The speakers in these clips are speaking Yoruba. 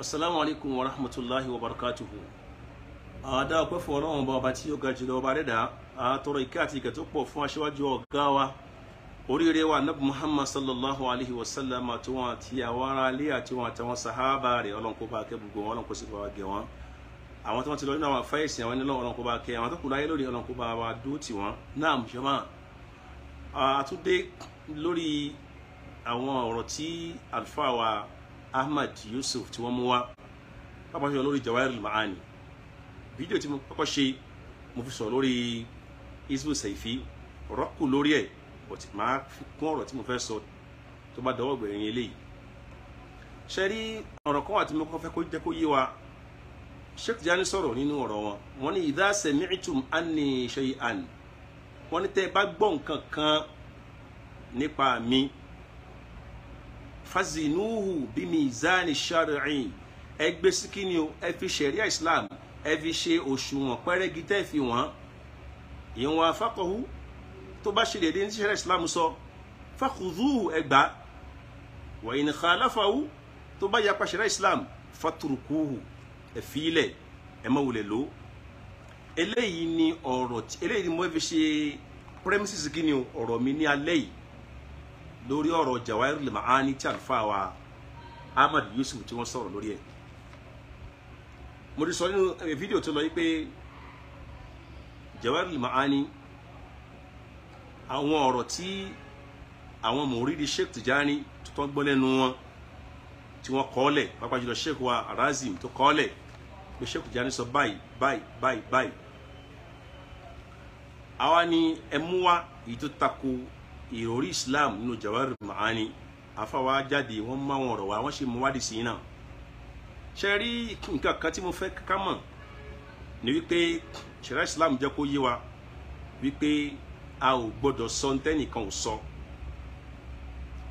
asalaamu alaykum wa rahmatulahi wa barakatuhu àdá ọpẹ́ fún Ọlọ́run ọba tí ó ga jùlọ ọba rẹdà àtọrọ ìkẹ́ àti ìkẹ́ tó pọ̀ fún aṣíwájú ọ̀gá wa oríire wa nabi muhammad sallallahu alayhi wa sallam àti wọn àti àwọn ará ilé àti wọn àtàwọn sahaba rẹ̀ Ọlọ́run kó bá kẹ́ gbogbo wọn Ọlọ́run kó sì bá wa gẹ̀ wọn àwọn tó wọn ti lọ nínú àwọn afẹ́yẹsì àwọn ẹni Ọlọ́run bá kẹ́ àwọn tó kù láyé lórí Ọlọ́run bá wa dúró tì wọn náà mùsùlùmá àtúndé lórí àwọn ọ̀rọ̀ tí àlùfáà wa Ahmad Yusuf tí wọ́n mú wá pápá sọ̀rọ̀ lórí Jawahirul Ma'ani fídíò tí mo kọ́kọ́ ṣe mo fi sọ̀rọ̀ lórí Hizbu Saifi ọ̀rọ̀ kù lórí ẹ̀ but màá fi kún ọ̀rọ̀ tí mo fẹ́ sọ tó bá dọwọ́ gbẹ̀yìn eléyìí ṣe rí ọ̀rọ̀ kan àti mo kọ́ fẹ́ kó jẹ́ kó yé wa Sheikh Tijani sọ̀rọ̀ nínú ọ̀rọ̀ wọn wọn ní idha sami'tum anni shay'an wọn ní tẹ́ ẹ bá gbọ́ nǹkan kan nípa mi fazinuhu bí mizani shari'i ẹ gbé sí kíni o ẹ fi ṣẹ̀ríà islam ẹ fi ṣe òṣùwọ̀n pẹ́rẹ́gì tẹ́ fi wọ́n ìwọ̀n afákọ̀hu tó bá ṣe déédéé ní ṣẹ̀ríà islam sọ fakhuduhu ẹ gbà wa in khalafahu tó bá yapa ṣẹ̀ríà islam faturukuhu ẹ fi ẹ má wulẹ̀ lò eléyìí ni ọ̀rọ̀ eléyìí ni mo fi ṣe premises kíni o ọ̀rọ̀ mi ní alẹ́ yìí lórí ọ̀rọ̀ Jawahirul Ma'ani tí àlùfáà wa Ahmad Yusuf tí wọ́n sọ̀rọ̀ lórí ẹ̀ mo ti sọ nínú fídíò tó lọ yìí pé Jawahirul Ma'ani àwọn ọ̀rọ̀ tí àwọn mòrídìí Sheikh Tijani tó tán gbọ́ lẹ́nu wọn tí wọ́n kọ́ lẹ̀ pàápàá jùlọ Sheikh wa Razim tó kọ́ lẹ̀ pé Sheikh Tijani sọ báyìí báyìí báyìí báyìí àwa ni ẹ mú wa èyí ìròrí islam nínú jawari maani afáwa jáde wọ́n mú àwọn ọ̀rọ̀ wá wọ́n ṣe mú wádìí sí náà ṣe rí nǹkan kan tí mo fẹ́ ká mọ̀ ni wípé ṣẹlẹ islam jẹ́ kó yé wa wípé a ò gbọ́dọ̀ sọ ntẹnìkan ò sọ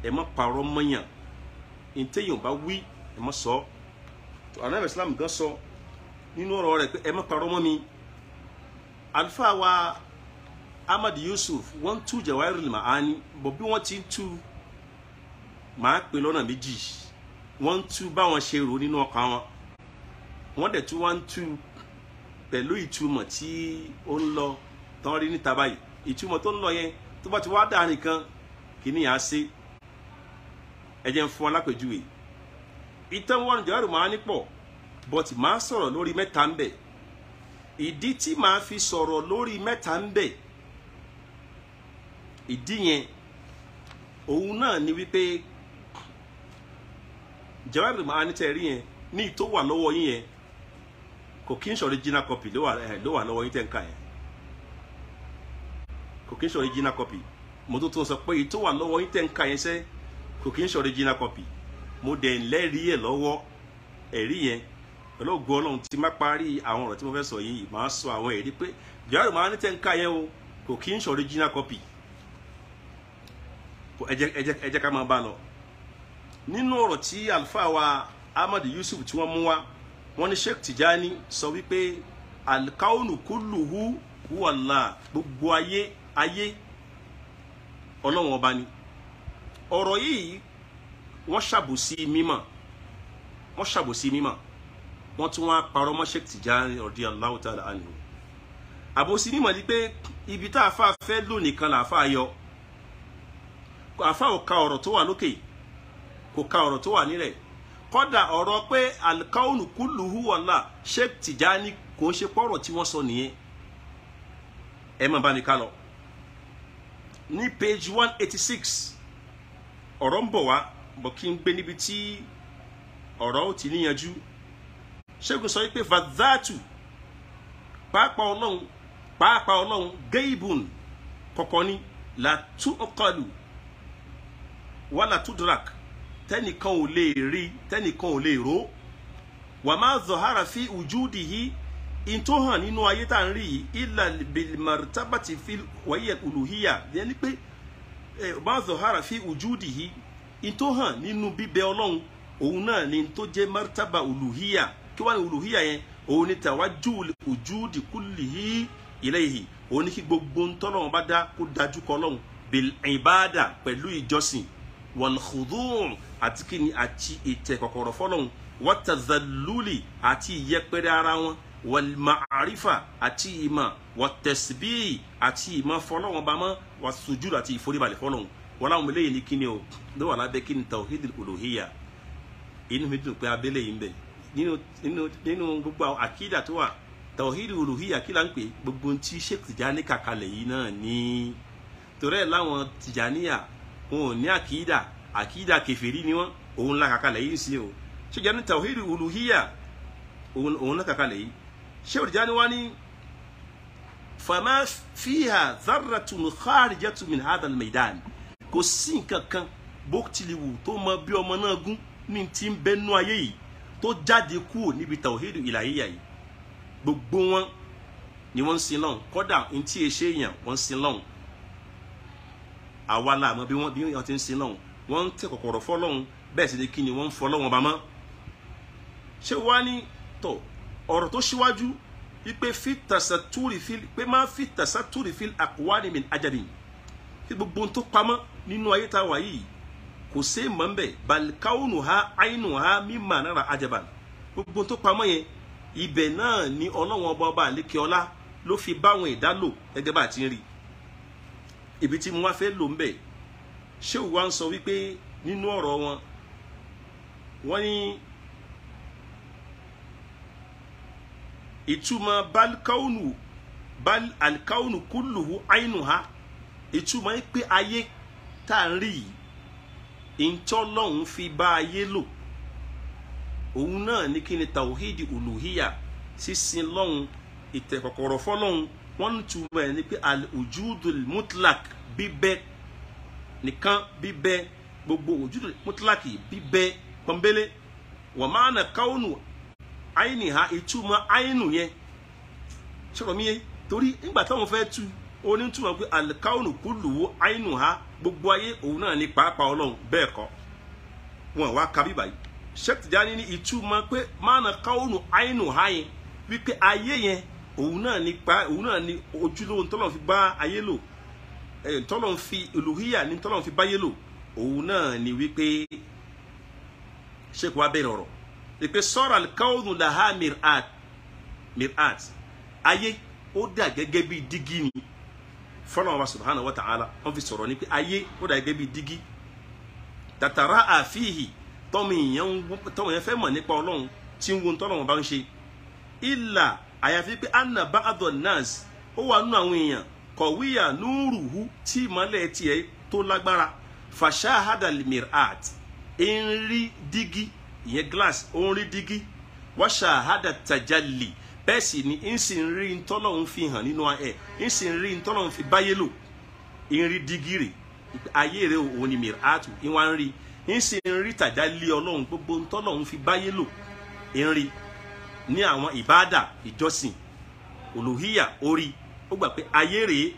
ẹ má parọ́ mọ́yàn ntẹyìn ò bá wí ẹ má sọ anabi islam gan sọ nínú ọ̀rọ̀ rẹ̀ pé ẹ má parọ́ mọ́ mi alifa wa. Ahmad Yusuf wọ́n tú Jawahirul Ma'ani bọ̀ bí wọ́n ti ń tú màá pè lọ́nà méjì wọ́n ń tú báwọn ṣe rò nínú ọkàn wọn wọ́n dẹ̀ tú wọ́n ń tú pẹ̀lú ìtumọ̀ tí ó ń lọ tán rí níta báyìí ìtumọ̀ tó ń lọ yẹn tó bá ti wá dà nìkan kì í níyàn á sí ẹ jẹ́ ń fún alápèjúwe ìtàn wọn Jawahirul Ma'ani pọ̀ but màá sọ̀rọ̀ lórí mẹ́ta ń bẹ̀ ìdí tí màá fi sọ̀rọ̀ lórí mẹ́ta ń bẹ̀ ìdí yẹn òun náà ni wípé jawabir ma'ani tẹ́ rí yẹn ní tó wà lọ́wọ́ yín yẹn kò kí n ṣe original copy ló wà lọ́wọ́ yín tẹ́ kò kí n ṣe original copy mo tó wà lọ́wọ́ yín tẹ́ ń yẹn kò kí n ṣe original copy mo dẹ̀ ń lẹ́rìí ẹ̀ lọ́wọ́ ẹ̀rí yẹn Ọlọ́run má parí sọ yìí sọ àwọn ẹ̀rí pé tẹ́ ń yẹn o kò kí n ṣe original ẹ jẹ́ ká máa bá lọ nínú ọ̀rọ̀ tí àlùfáà wa Ahmad Yusuf tí wọ́n mú wá wọ́n ní Sheikh Tijani sọ wípé alkaunu kulluhu huwala gbogbo ayé ayé ọlọ́wọ́n ọba ni ọ̀rọ̀ yìí wọ́n ṣàbòsí mímọ̀ wọ́n ṣàbòsí mímọ̀ wọ́n tún wá parọ́ mọ́ Sheikh Tijani ọ̀dí Allahu ta'ala àbòsí mímọ̀ ni pé ibi tá a fà fẹ́ lónìí kan là á fà yọ àfa ò ka ọ̀rọ̀ tó wà lókè kò ka ọ̀rọ̀ tó wà nílẹ̀ kódà ọ̀rọ̀ pé alkaulu kulu huwala Sheikh Tijani kò ń ṣe pọ̀rọ̀ tí wọ́n sọ nìyẹn ẹ má bá ní ká lọ ní page one eighty six ọ̀rọ̀ ń bọ̀ wá bọ̀ kí n gbé níbi tí ọ̀rọ̀ ó ti níyanjú ṣégun sọ wípé vadhatu pàápàá ọlọ́run pàápàá ọlọ́run gaibun kọ̀kọ́ ni la tún ọkọlù wàlà tudrak tẹnìkan ò lè rí tẹnìkan ò lè ró wà má zọ̀hárà fi ùjúdì yìí in tó hàn nínú ayé tá à ń rí yìí ilà bilmartabati fi wáyé olùhíyà yẹni pé má zọ̀hárà fi ùjúdì yìí in tó hàn nínú bíbẹ ọlọ́run òun náà ni tó jẹ́ martaba olùhíyà kí wàá ní olùhíyà yẹn òun ni tàwájú ùjúdì kullihi ilayhi òun ni kí gbogbo ntọ́lọ́run bá dá kó dájú kọ́ ọlọ́run bil pẹ̀lú ìjọsìn wàlùkùdùn àti kíni àti ìtẹ̀ kọ̀kọ̀rọ̀ fọ́lọ́hun wàtàzàlúlì àti ìyẹpẹrẹ ara wọn wàlmàárífà àti ìmọ̀ wàtẹ̀síbí àti ìmọ̀ fọ́lọ́hun bá mọ́ wàsùjú àti ìforíbalẹ̀ fọ́lọ́hun wàláwọn eléyìí ní kíni o ló wà lábẹ́ kíni tawhid olùhíyà inú mi dùn pé abẹ́lẹ̀ yìí ń bẹ nínú gbogbo àkídà tó wà tawhid olùhíyà kí là ń pè gbogbo tí Sheikh yìí náà ní torí ẹ̀ láwọn Tijaniya wọn ò ní àkìdá àkìdá kèfèrí ni wọn òun la kàkàlẹ̀ yìí sí o ṣé jẹ́ ní tawhid uluhiyya òun la kàkàlẹ̀ yìí ṣé òrìjà ni wọ́n ní fama fiha zarratun kharijatun min hadha al-maidan kò sí nǹkan kan bó tilẹ̀ wù tó mọ bí ọmọ náà gún ní ti ń bẹ́nu ayé yìí tó jáde kúrò níbi tawhid ìlàhíyà yìí gbogbo wọn ni wọ́n ń sin lọ́hùn kódà ntí eṣe èèyàn wọ́n ń sin lọ́hùn àwa la àmọ́ bí wọ́n bí wọ́n ti ń sin lọ́hùn wọ́n ń tẹ kọ̀kọ̀rọ̀ fọ́ lọ́hùn bẹ́ẹ̀ sì ni kí ni wọ́n ń fọ́ lọ́hùn ọba mọ́ ṣé wàá ní tọ̀ ọ̀rọ̀ tó ṣíwájú wípé fìtàsátúrì fil pé má fìtàsátúrì fil àkùwáni min ajabi kí gbogbo ohun tó pamọ́ nínú ayé tá a wà yìí kò sí mọ̀ nbẹ̀ balikaunu ha ainu ha mímà nára ajaba gbogbo tó pamọ́ yẹn ibẹ̀ náà ni ọlọ́wọ́n ọba ọba àlékè ọlá ló fi báwọn ìdálò gẹ́gẹ́ bá a ti ń rí i ibi tí mo wá fẹ́ lò ń bẹ̀ ṣé òwú wa ń sọ wípé nínú ọ̀rọ̀ wọn wọ́n ní ìtumọ̀ balkaunu bal alkaunu kulluhu ainuha ìtumọ̀ yìí pé ayé tá à ń rí yìí ìtọ́lọ́hún fi bá ayé lò òun náà ní kí ni tawhidi uluhiya sísin lọ́hún ìtẹ̀kọ̀kọ̀rọ̀ fọ́lọ́hún wọ́n túmọ̀ ẹ̀ ní pé al-wujudul mutlak bíbẹ nìkan bíbẹ gbogbo wujudul mutlak bíbẹ pọ̀nbélé wọ́n máa nà káwọnù àìní ha ìtumọ̀ àìnù yẹn sọ̀rọ̀ torí nígbà táwọn fẹ́ tu onítúmọ̀ pé al-kaunu kulluhu ha gbogbo ayé òun náà pàápàá wọn wá pé máa na káwọnù ha yẹn wípé ayé yẹn òun náà ni pa òun náà ni ojúlówó tọ́lọ̀ fi bá ayé lò tọ́lọ̀ fi olùhíyà ní tọ́lọ̀ fi báyé lò òun náà ni wípé sheikh wa bẹ̀rẹ̀ ọ̀rọ̀ wípé sọ́ra káwọn làhá mirat mirat ayé ó dà gẹ́gẹ́ bí dígí ni fọlọ́n wa subhanahu wa ta'ala wọ́n fi sọ̀rọ̀ ni pé ayé ó dà gẹ́gẹ́ bí dígí tàtàrà àfihì tọ́mọ fẹ́ mọ̀ nípa ọlọ́run tí ń wo tọ́lọ́run bá ń ṣe ìlà àyàfi pé anna ba'adọ nance ó wà nínú àwọn èèyàn kọ̀wíyà núrùhù tí ìmọ́lẹ̀ tiẹ̀ tó lágbára fàṣáhádà limirat ń rí dígí ìyẹn glass ó dígí wàṣáhádà tajalli bẹ́ẹ̀ sì ni ń ń rí ntọ́lọ́hún fi hàn nínú ẹ̀ ń ń rí ntọ́lọ́hún fi báyé lò ń dígí rè ayé ni ń rí ń rí gbogbo fi ni awon ibada idosin oluhiya ori o gbapere ayere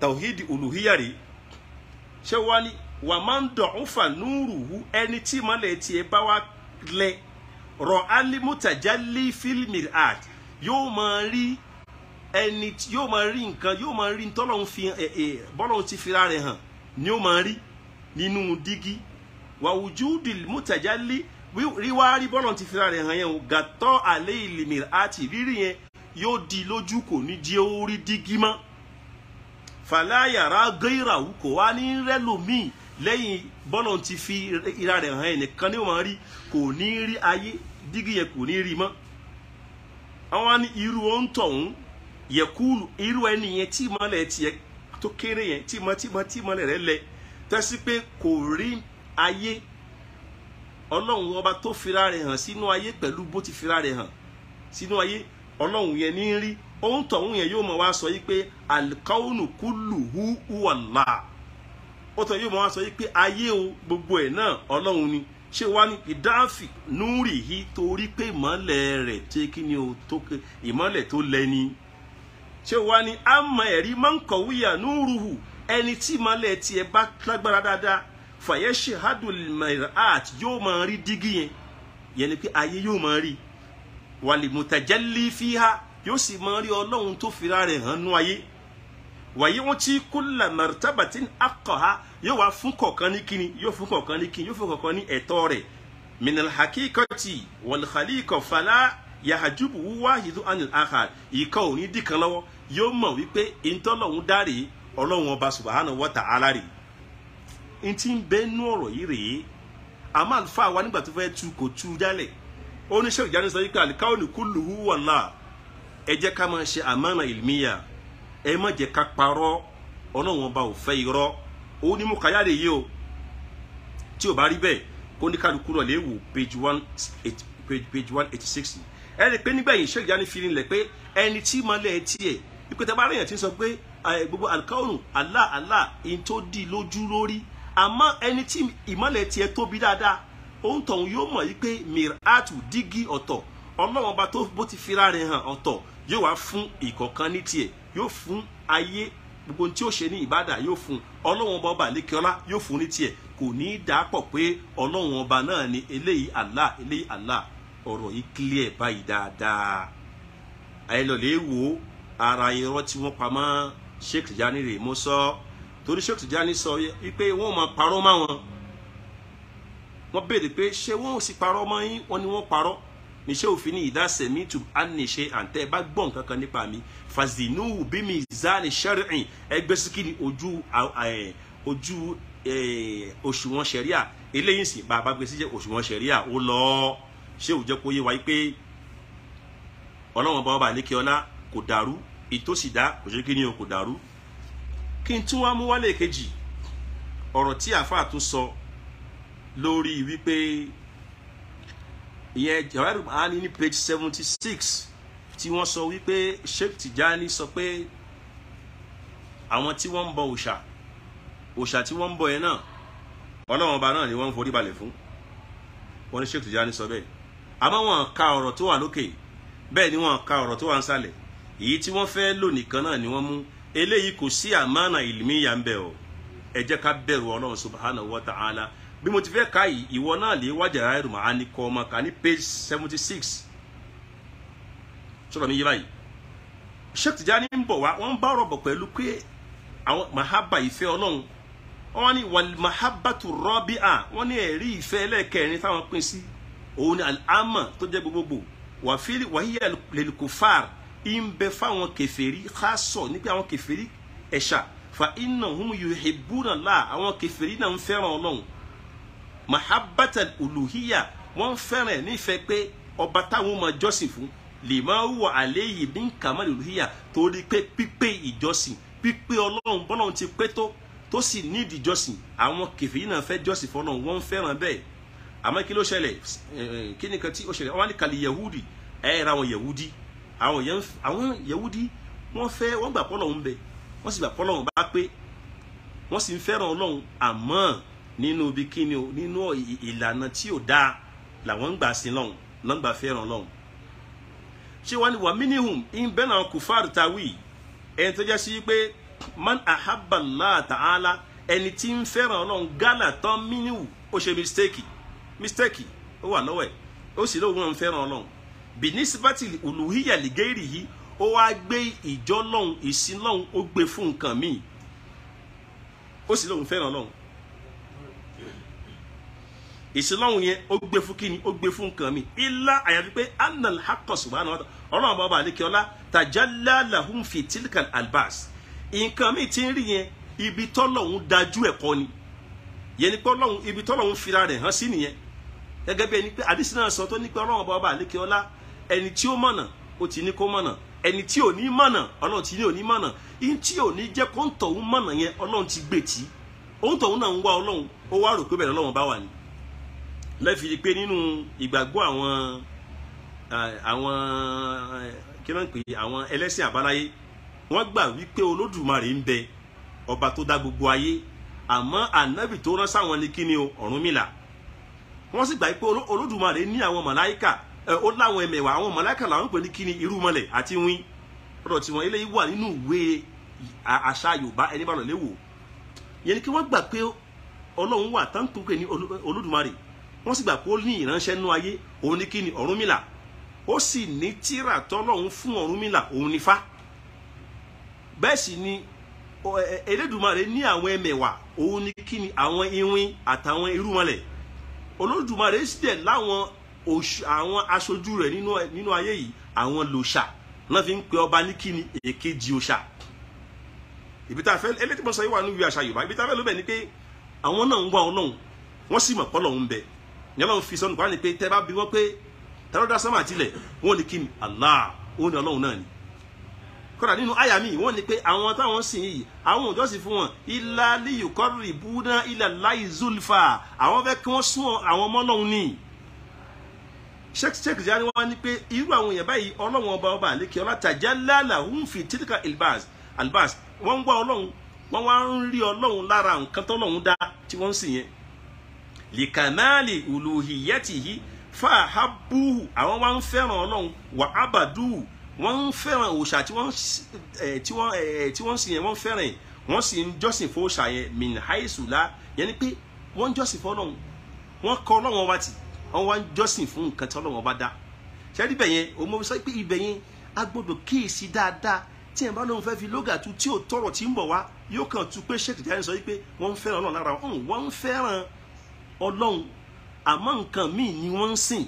taohidi oluhiya re shewani wa ma n da n fa nuruwu eniti ma le ti e bawale ro ha limutajali filmi art yio ma n ri eniti yio ma n ri nkan yio ma n ri ntola n fi ee bono ti firare han ni o ma n ri ninu digi wa wujudi limutajali ríwá rí bọ́lọ̀ ti fira rẹ̀ hàn yẹn o gàtọ́ àlẹ́ ìlìmìr àti rírì yẹn yóò di lójú kò ní di orí dígí mọ́ fàlàyàrá gẹ́ìràwù kò wá ní rẹ́lòmíì lẹ́yìn bọ́lọ̀ ti fi ira rẹ̀ hàn yẹn nìkan ní wọ́n rí kò ní rí ayé dígí yẹn kò ní rí mọ́ àwọn ní irú ohun tọ̀hún yẹkúlù irú ẹni yẹn tí ìmọ̀lẹ̀ tiẹ̀ tó kéré yẹn tí ìmọ̀ tí ìmọ̀ tí ìmọ̀lẹ̀ rẹ̀ lẹ tẹ́sí pé kò rí ayé ọlọ́run ọba tó fira rẹ̀ hàn sínú ayé pẹ̀lú bó ti fira rẹ̀ hàn sínú ayé ọlọ́run yẹn ní rí ohun tọ̀hún yẹn yóò mọ̀ wá sọ yìí pé alikawunu kulu hu wàlá ó tọ̀ yóò mọ̀ wá sọ yìí pé ayé o gbogbo ẹ̀ náà ọlọ́run ni ṣé wá ní ìdáàfì núrì yìí torí pé ìmọ̀lẹ̀ rẹ̀ tó kí ni ìmọ̀lẹ̀ tó lẹ́ni ṣé wá ní àmọ̀ ẹ̀rí máa ń kọ̀wéyà núrùhù ẹni tí ìmọ̀lẹ̀ tiẹ̀ bá lágbára dáadáa fàyẹ́sì hadulmirat yóò máa rí dígí yẹn yẹn ni pé ayé yóò máa rí wàlì mùtàjẹ́lì fíhá yóò sì máa rí ọlọ́run tó fira rẹ̀ hàn nú ayé wàyí wọn tí kúlà mẹrìtàbàtì akọha yóò wá fún kọ̀ọ̀kan ní kíni yóò fún kọ̀ọ̀kan ní kíni yóò fún kọ̀ọ̀kan ní ẹ̀tọ́ rẹ̀ minal hakikati wal khaliqa fala yahajubu wáhidu anil akhar ìkọ òní dìkan lọ́wọ́ yóò mọ̀ wípé ìtọ́lọ́hún dárè ọlọ́run ọba subahana wa ta'ala n ti ń bẹ nú ọ̀rọ̀ yìí rèé àmọ́ àlùfáà wa nígbà tó fẹ́ tu kò tu jálẹ̀ oníṣẹ́ ìjánu sọ wípé àlìkáwọ̀nì kúlù húwà là ẹ jẹ́ ká máa ṣe àmánà ìlmíyà ẹ má jẹ́ ká parọ́ ọlọ́wọ́n ò fẹ́ irọ́ òun ni mo kàyà lè yé o tí ò bá rí bẹ́ẹ̀ kó ní kálukú lọ léwu page one eight page one eighty six ẹ rí i pé nígbà yìí ṣé ìjánu fi rinlẹ̀ pé ẹni tí mo lẹ̀ tiẹ̀ ìpètè bá ti sọ pé gbogbo àlìkáwọ̀nì Allah Allah ìyẹn lójú lórí àmọ́ ẹni tí ìmọ́lẹ̀ tiẹ̀ tóbi dáadáa òun tọ̀hún yóò mọ̀ yí pé miratu dígí ọ̀tọ̀ ọlọ́wọ́n bá tó bó ti fira rẹ̀ hàn ọ̀tọ̀ yóò wá fún ìkọ̀ọ̀kan ní tiẹ̀ yóò fún ayé gbogbo tí ó ṣe ní ìbádà yóò fún ọlọ́wọ́n bá ọba àlékeọ́lá yóò fún ní tiẹ̀ kò ní í dà á pọ̀ pé ọlọ́wọ́n náà ni eléyìí Allah eléyìí Allah ọ̀rọ̀ yìí clear báyìí dáadáa ayélujára wo ara irọ́ tí wọ́n pamọ́ Sheikh Tijani rèé torí Sheikh Tijani sọ wípé wọ́n máa parọ́ mọ́ wọn wọ́n béèrè pé ṣé wọ́n ò sì parọ́ mọ́ yín wọ́n ni wọ́n parọ́ níṣẹ́ òfin ní ìdásẹ̀ mi tù á ní ṣe àǹtẹ́ bá gbọ́ nǹkan kan nípa mi fàzínú bí mi zani ṣẹ́rìn ẹgbẹ́ síkì ní ojú ojú òṣùwọ̀n ṣẹ̀ríà eléyìí sì bàbá gbèsè jẹ́ òṣùwọ̀n ṣẹ̀ríà ó lọ ṣé ò jẹ́ kó yé wa pé ọlọ́wọ́n bá wà ní kí ọlá kò dàrú ìtòsí dá o kò dàrú kí n tún wá mú wálé kejì ọ̀rọ̀ tí àáfàá tún sọ lórí wípé ìyẹn Jawahirul Mahani ní page seventy six tí wọ́n sọ wípé Sheikh Tijani sọ pé àwọn tí wọ́n ń bọ òòṣà òòṣà tí wọ́n ń bọ yẹn náà ọlọ́run ọba náà ni wọ́n ń forí balẹ̀ fún wọn ní Sheikh Tijani sọ bẹ́ẹ̀ àmọ́ wọn ka ọ̀rọ̀ tó wà lókè bẹ́ẹ̀ ni wọn ka ọ̀rọ̀ tó wà ń sàlẹ̀ èyí tí wọ́n fẹ́ lò nìkan náà ni wọ́n mú eléyìí kò sí àmánà ìlmíyà ń bẹ o ẹ jẹ́ ká bẹ̀rù ọlọ́run subhanahu wa ta'ala bí mo ti fẹ́ ka yìí ìwọ náà lè wájà ráìrù màá ní kọ́ ọmọ kà ní page seventy six sọ̀rọ̀ mi yí báyìí Sheikh Tijani ń bọ̀ wá wọ́n ń bá rọ̀bọ̀ pẹ̀lú pé àwọn mahaba ìfẹ́ ọlọ́run wọ́n ní wal mahabatu rọ́bíà wọ́n ní ẹ̀rí ìfẹ́ ẹlẹ́ẹ̀kẹrin táwọn pín sí òun ni al tó jẹ́ gbogbogbò wàhíyà lil kufar ń bẹ fáwọn kèfèrí ká sọ àwọn kèfèrí ẹ̀ṣà fa innahum yuhibbuna la àwọn kèfèrí náà ń fẹ́ràn ọlọ́run mahabbatal uluhiyya wọ́n fẹ́ràn ẹ̀ nífẹ̀ẹ́ pé ọba táwọn máa jọ́sìn fún lima huwa alayhi min kamal uluhiyya torí pé pípé ìjọsìn pípé ọlọ́run bọ́lọ́run ti pé tó tó sì nídìí jọ́sìn àwọn kèfèrí náà fẹ́ jọ́sìn fọ́nà wọ́n fẹ́ràn bẹ́ẹ̀ àmọ́ kí ló ṣẹlẹ̀ kí nìkan tí ó ṣẹlẹ̀ wọ́n á ní kàlí yahudi ẹ̀ ra yahudi àwọn yẹn àwọn yẹwúdí wọ́n fẹ́ wọ́n gbà pọ́lọ̀ ń bẹ wọ́n sì gbà pọ́lọ̀ ń bá pé wọ́n sì ń fẹ́ràn ọlọ́run àmọ́ nínú ibi kíni o nínú ìlànà tí ò dáa làwọn ń gbà sí lọ́hùn lọ́n ń gbà fẹ́ràn ọlọ́run ṣé wàá ní wà mínihùn ń bẹ́ẹ̀ náà kò fáàrù ta wí ẹni tó jẹ́ sí pé man ahabba Allah ta'ala ẹni tí ń fẹ́ràn ọlọ́run gánà tán mínihù ó ṣe mistake mistake ó wà lọ́wọ́ ẹ̀ ó sì lóun náà ń fẹ́ràn ọlọ́run binisibati olùhíyà lìgẹ́rì yìí ó wá gbé ìjọ lọ́hùn ìsìn lọ́hùn ó gbé fún nǹkan míì ó sì lóun fẹ́ràn lọ́hùn ìsìn lọ́hùn yẹn ó gbé fún kíni ó gbé fún nǹkan míì ilá àyàfi pé anal hakos wà náà ọ̀rọ̀ àwọn ọba àlekíọ́lá tajalla lahum fi tilkan albas nǹkan míì ti ń rí yẹn ibi tọ́lọ́hún dájú ẹ̀kọ́ ni yẹn ni pé ọlọ́hún ibi tọ́lọ́hún fira rẹ̀ hàn sí nìyẹn gẹ́gẹ́ bí ẹni pé àdìsí náà sọ tó ní pé ọlọ́hún ọba àlekíọ́lá ẹni tí ó mọ̀nà ó ti ní kó mọ̀nà ẹni tí ò ní mọ̀nà ọlọ́run ti ní ò ní mọ̀nà ihun tí ò ní jẹ́ kó ń tọ̀hún mọ̀nà yẹn ọlọ́run ti gbè tí òun tọ̀hún náà ń wá ọlọ́run ó wá rò pé bẹ̀rẹ̀ ọlọ́run bá wà ní. pé nínú ìgbàgbọ́ àwọn eh, àwọn eh, kí ló ń pè àwọn ẹlẹ́sìn àbáláyé wọ́n gbà wípé olódùmarè ń bẹ ọba tó dá gbogbo ayé àmọ́ ànábì tó rán sáwọn o Ọ̀rúnmìlà wọ́n sì gbà ó láwọn ẹmẹ̀wà àwọn mọ̀láìkà làwọn pè ní kíni irúmọlẹ̀ àti wín ọ̀rọ̀ tiwọn eléyìí wà nínú ìwé àṣà yorùbá ẹni bá lọ léwò yẹn ni kí wọ́n gbà pé ọlọ́run wà tán pípé ní olódùmarè wọ́n sì gbà pé ó ní ìránṣẹ́ nínú ayé òun ní kíni ọ̀rúnmìlà ó sì ní tírà tọ́lọ́run fún ọ̀rúnmìlà òun ní fá bẹ́ẹ̀ sì ni elédùmarè ní àwọn ẹmẹ̀wà òun ní kíni àwọn iwin àtàwọn irúmọlẹ̀ olódùmarè sì dẹ̀ láwọn àwọn aṣojú rẹ̀ nínú ayé yìí àwọn lòṣà náà fi ń pe ọba ní kíni èkejì òṣà ibi tá a fẹ́ eléyìí tí mo sọ yìí wà ní ìwé àṣà yorùbá ibi tá a fẹ́ ló bẹ̀ ni pé àwọn náà ń wá ọlọ́run wọ́n sì mọ̀ pọ́lọ̀ ń bẹ ìyẹn lọ́run fi sọ́nù kúránì pé tẹ́ bá bi wọ́n pé tẹ́ ló dá sánmà tilẹ̀ wọ́n ní kíni Allah wọ́n ní ọlọ́run náà ni kódà nínú àyà mi wọ́n ní pé àwọn táwọn sìn yìí àwọn òjò sì fún wọn ilá líyùkọ́rì búná ilà láì zulfa àwọn fẹ́ kí wọ́n sún àwọn ọmọ ọlọ́run nìyí sheikh jani wọn ní pé irú àwọn èèyàn báyìí ọlọ́run ọba ọba àlékè ọlátàjà lálà ń fi tíríkà albas albas wọ́n ń wá ọlọ́run wọ́n wá ń rí ọlọ́run lára nǹkan tọ́lọ́run dá tí wọ́n ń sìn yẹn lìkàmáàlì uluhiyatihi fàhábùhù àwọn wá ń fẹ́ràn ọlọ́run wà ábàdùhù wọ́n ń fẹ́ràn òòṣà tí wọ́n ń eh, eh, sìn yẹn wọ́n ń fẹ́ràn yẹn e. wọ́n sì ń jọ́sìn fún òòṣà yẹn min haisula yẹn ni pé wọ́n ń jọ́sìn fún ọlọ́run wọ́n kọ ọlọ́run ọba tì í wọn wá ń jọ́sìn fún nǹkan tí Ọlọ́run bá dá ṣẹ́rí bẹ̀ yẹn o mọ̀ sọ pé ibẹ̀ yẹn a gbọ́dọ̀ kíyèsí dáadáa tí ẹ̀ bá lóun fẹ́ fi lóga tu tí ò tọrọ tí ń bọ̀ wá yóò kàn tu pé Sheikh Tijani sọ pé wọ́n ń fẹ́ràn Ọlọ́run lára wọn wọ́n ń fẹ́ràn Ọlọ́run àmọ́ nǹkan míì ni wọ́n ń sìn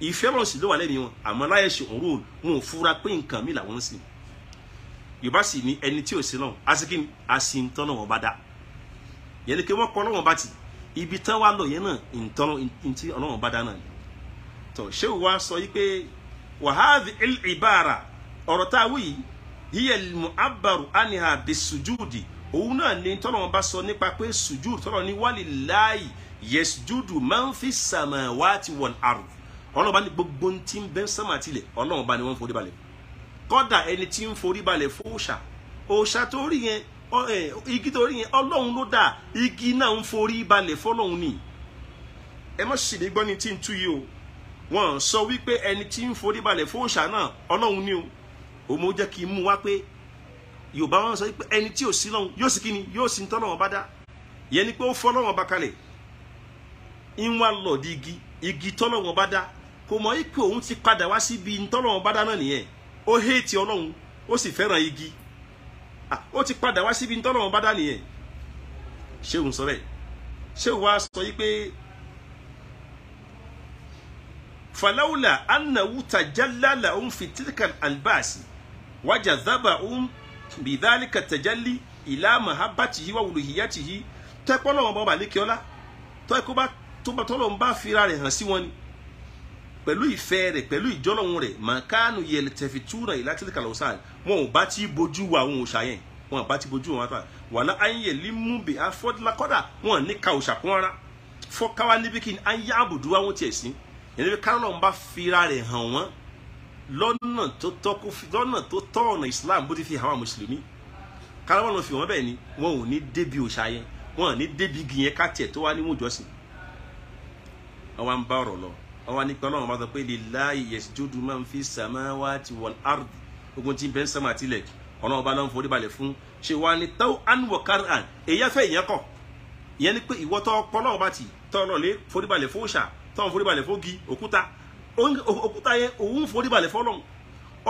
ìfẹ́ràn sì ló wà lẹ́nu wọn àmọ́ láyé ṣe òru wọn ò fura pé nǹkan míì làwọn ń sìn yorùbá sì ní ẹni tí ò sí lọ́wọ́ asíkí asìntọ́nà wọn bá dá yẹn ni pé wọ́n kọ́ lọ́wọ́ bá ti ibi tán wá lọ yẹn náà ntọ́nà ntí ọlọ́run bá dáná ni tó ṣé o wá sọ yìí pé wàhálì ìbára ọ̀rọ̀ tá a wí yìí yíyẹ mu'abbaru aniha bisujudi òun náà ni tọ́lọ́run bá sọ nípa pé sujud tọ́lọ́run ní walillahi yasjudu man fi samawati wal ard ọlọ́run bá ní gbogbo tí ń bẹ́ sánmà tilẹ̀ ọlọ́run bá ní wọ́n forí balẹ̀ kọ́dà ẹni tí ń forí balẹ̀ fún òòṣà tó rí yẹn igi tó rí yẹn ọlọ́run ló dà igi náà ń forí balẹ̀ fọlọ́run ni ẹ má sì lè gbọ́ ní tí ń tú yìí o Wọn sọ wípé ẹni tí ń forí balẹ̀ fún òòṣà náà ọlọ́run ni o òun ó jẹ́ kí n mú wá pé yorùbá wọn sọ pé ẹni tí ò sí lọ́hùn yóò sì kíni yóò sì ń tọ́lọ́wọ́n bá dá yẹn ni pé ó fọlọ́wọ́n bá kalẹ̀ ń wá lọ di igi igi tọ́lọ́wọ́n bá dá kò mọ̀ pé òun ti padà wá síbi ń tọ́lọ́wọ́n bá dá náà nìyẹn ó héètì ọlọ́run ó sì fẹ́ràn igi Ah, ó ti padà wá síbi tọ́lọ̀ wọn bá dà nìyẹn ṣéun sọ bẹ́ẹ̀ ṣéun wá sọ yí pé falawla annahu tajalla lahum fi tilka albasi wajazabahum bidhalika tajalli ila mahabbatihi wa uluhiyatihi tẹ́pọ́lọ́wọ́n bá wà lékeọ́lá tọ́ ẹ̀kọ́ bá tọ́lọ́wọ́n bá fira rẹ̀ hàn sí wọn ni pẹ̀lú ìfẹ́ rẹ̀ pẹ̀lú ìjọ́lọ́hun rẹ̀ màkánù yẹlẹtẹ̀fìtúrà ìlàtìlìkà lọ́sàn wọn ò bá ti bójú wa àwọn òòṣà yẹn wọn ò bá ti bójú wọn àtàwọn wàlá ayẹyẹ límúbi afọdúnlákọ́dà wọn ní ka òòṣà kún ara fọkáwá níbi kí ni ayé àbùdú àwọn tiẹ̀ sí yẹn níbi káwọn náà ń bá fira rẹ̀ hàn wọ́n lọ́nà tó tọ́ ọ̀nà Islam bó ti fi àwọn mùsùlùmí káwọn náà fi wọ́n bẹ́ẹ̀ ni wọn ò ní débi òòṣà yẹn wọn ò àwọn nípa ọlọ́run bá sọ pé lillahi yasjudu man fi samawati wal ardi ogun tí bẹ́ẹ̀ sẹ́mu àtìlẹ̀ ọlọ́run bá lọ́n forí balẹ̀ fún ṣe wá ní tau an wa karan èyí afẹ́ ìyẹn kọ̀ ìyẹn ni pé ìwọ tọ́ ọpọlọ́ ọba tì tọ́ ọ lè forí balẹ̀ fún òòṣà tọ́ forí balẹ̀ fún ògì òkúta òkúta yẹn òun forí balẹ̀ fọlọ́run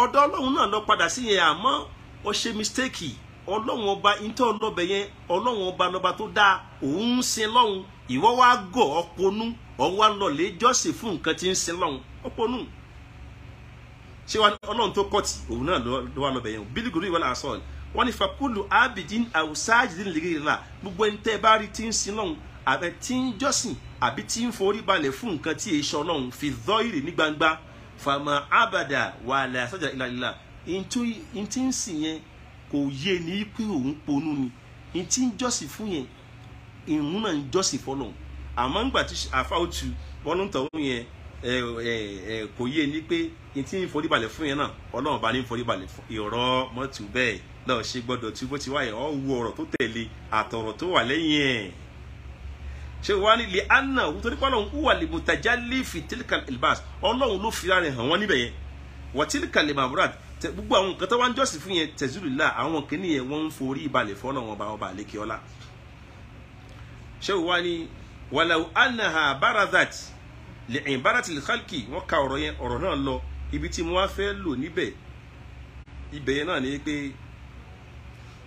ọ̀dọ̀ ọlọ́run náà lọ padà sí yẹn àmọ́ ó ṣe mistake ọlọ́run ọba ìtọ́ ọlọ́bẹ yẹn ọlọ́run ọba lọ́ba tó dáa òun ń sin lọ́hùn ìwọ wá gọ̀ ọ́ ponú òun wá lọlé jọ́sìn fún nǹkan tí ń sin lọ́hùn ó ponú ṣé ọlọ́run tó kọ́ọ̀tì òun náà ló wá lọ́bẹ̀ yẹn bílí gòrí ìwọ́n àṣọ wọn ni fakulu abidin awusajidin lirila gbogbo ẹni tẹ́ bá rí tí ń sin lọ́hùn àbẹ tí ń jọ́sìn àbí tí ń forí balẹ̀ fún nǹkan tí èso ọlọ́run fi zọ́ìrì ní gbangba fama abada wàhálà sájà ìlàlílà ntí ń sìn yẹn kò ni ntí ń jọ́sìn fún yẹn ìrún náà ń àmọ́ ńgbà tí àfa òtù wọnú tọ̀hún yẹn kò yé ni pé n ti ń foríbalẹ̀ fún yẹn náà ọlọ́run bá ní foríbalẹ̀ fún ìrọ̀ mọ́tò bẹ́ẹ̀ lọ́ọ́ ṣe gbọ́dọ̀ tí bó ti wáyé ọ́ wu ọ̀rọ̀ tó tẹ̀lé àtọ̀rọ̀ tó wà lẹ́yìn ẹ̀ ṣé wàá ní lè anna òun torí pọ́nlọ́hún wúwà lè mùtàjà lè fi tílkàl ilbas ọlọ́run ló fi ara hàn wọ́n níbẹ̀ yẹn wọ́n tílkàl mamurad gbogbo àwọn nǹkan tó wá ń jọ́sìn fún yẹn tẹ̀sílùlá àwọn kìnìyẹn wọ́n ń forí balẹ̀ fọ́nà wọn bá wọn bá lékè ọlá ṣé wàá ní wàlàwù anaha barazat lẹ́yìn barati lìkálkì wọ́n ka ọ̀rọ̀ yẹn ọ̀rọ̀ náà lọ ibi tí mo wá fẹ́ lò níbẹ̀ ibẹ̀ yẹn náà ni pé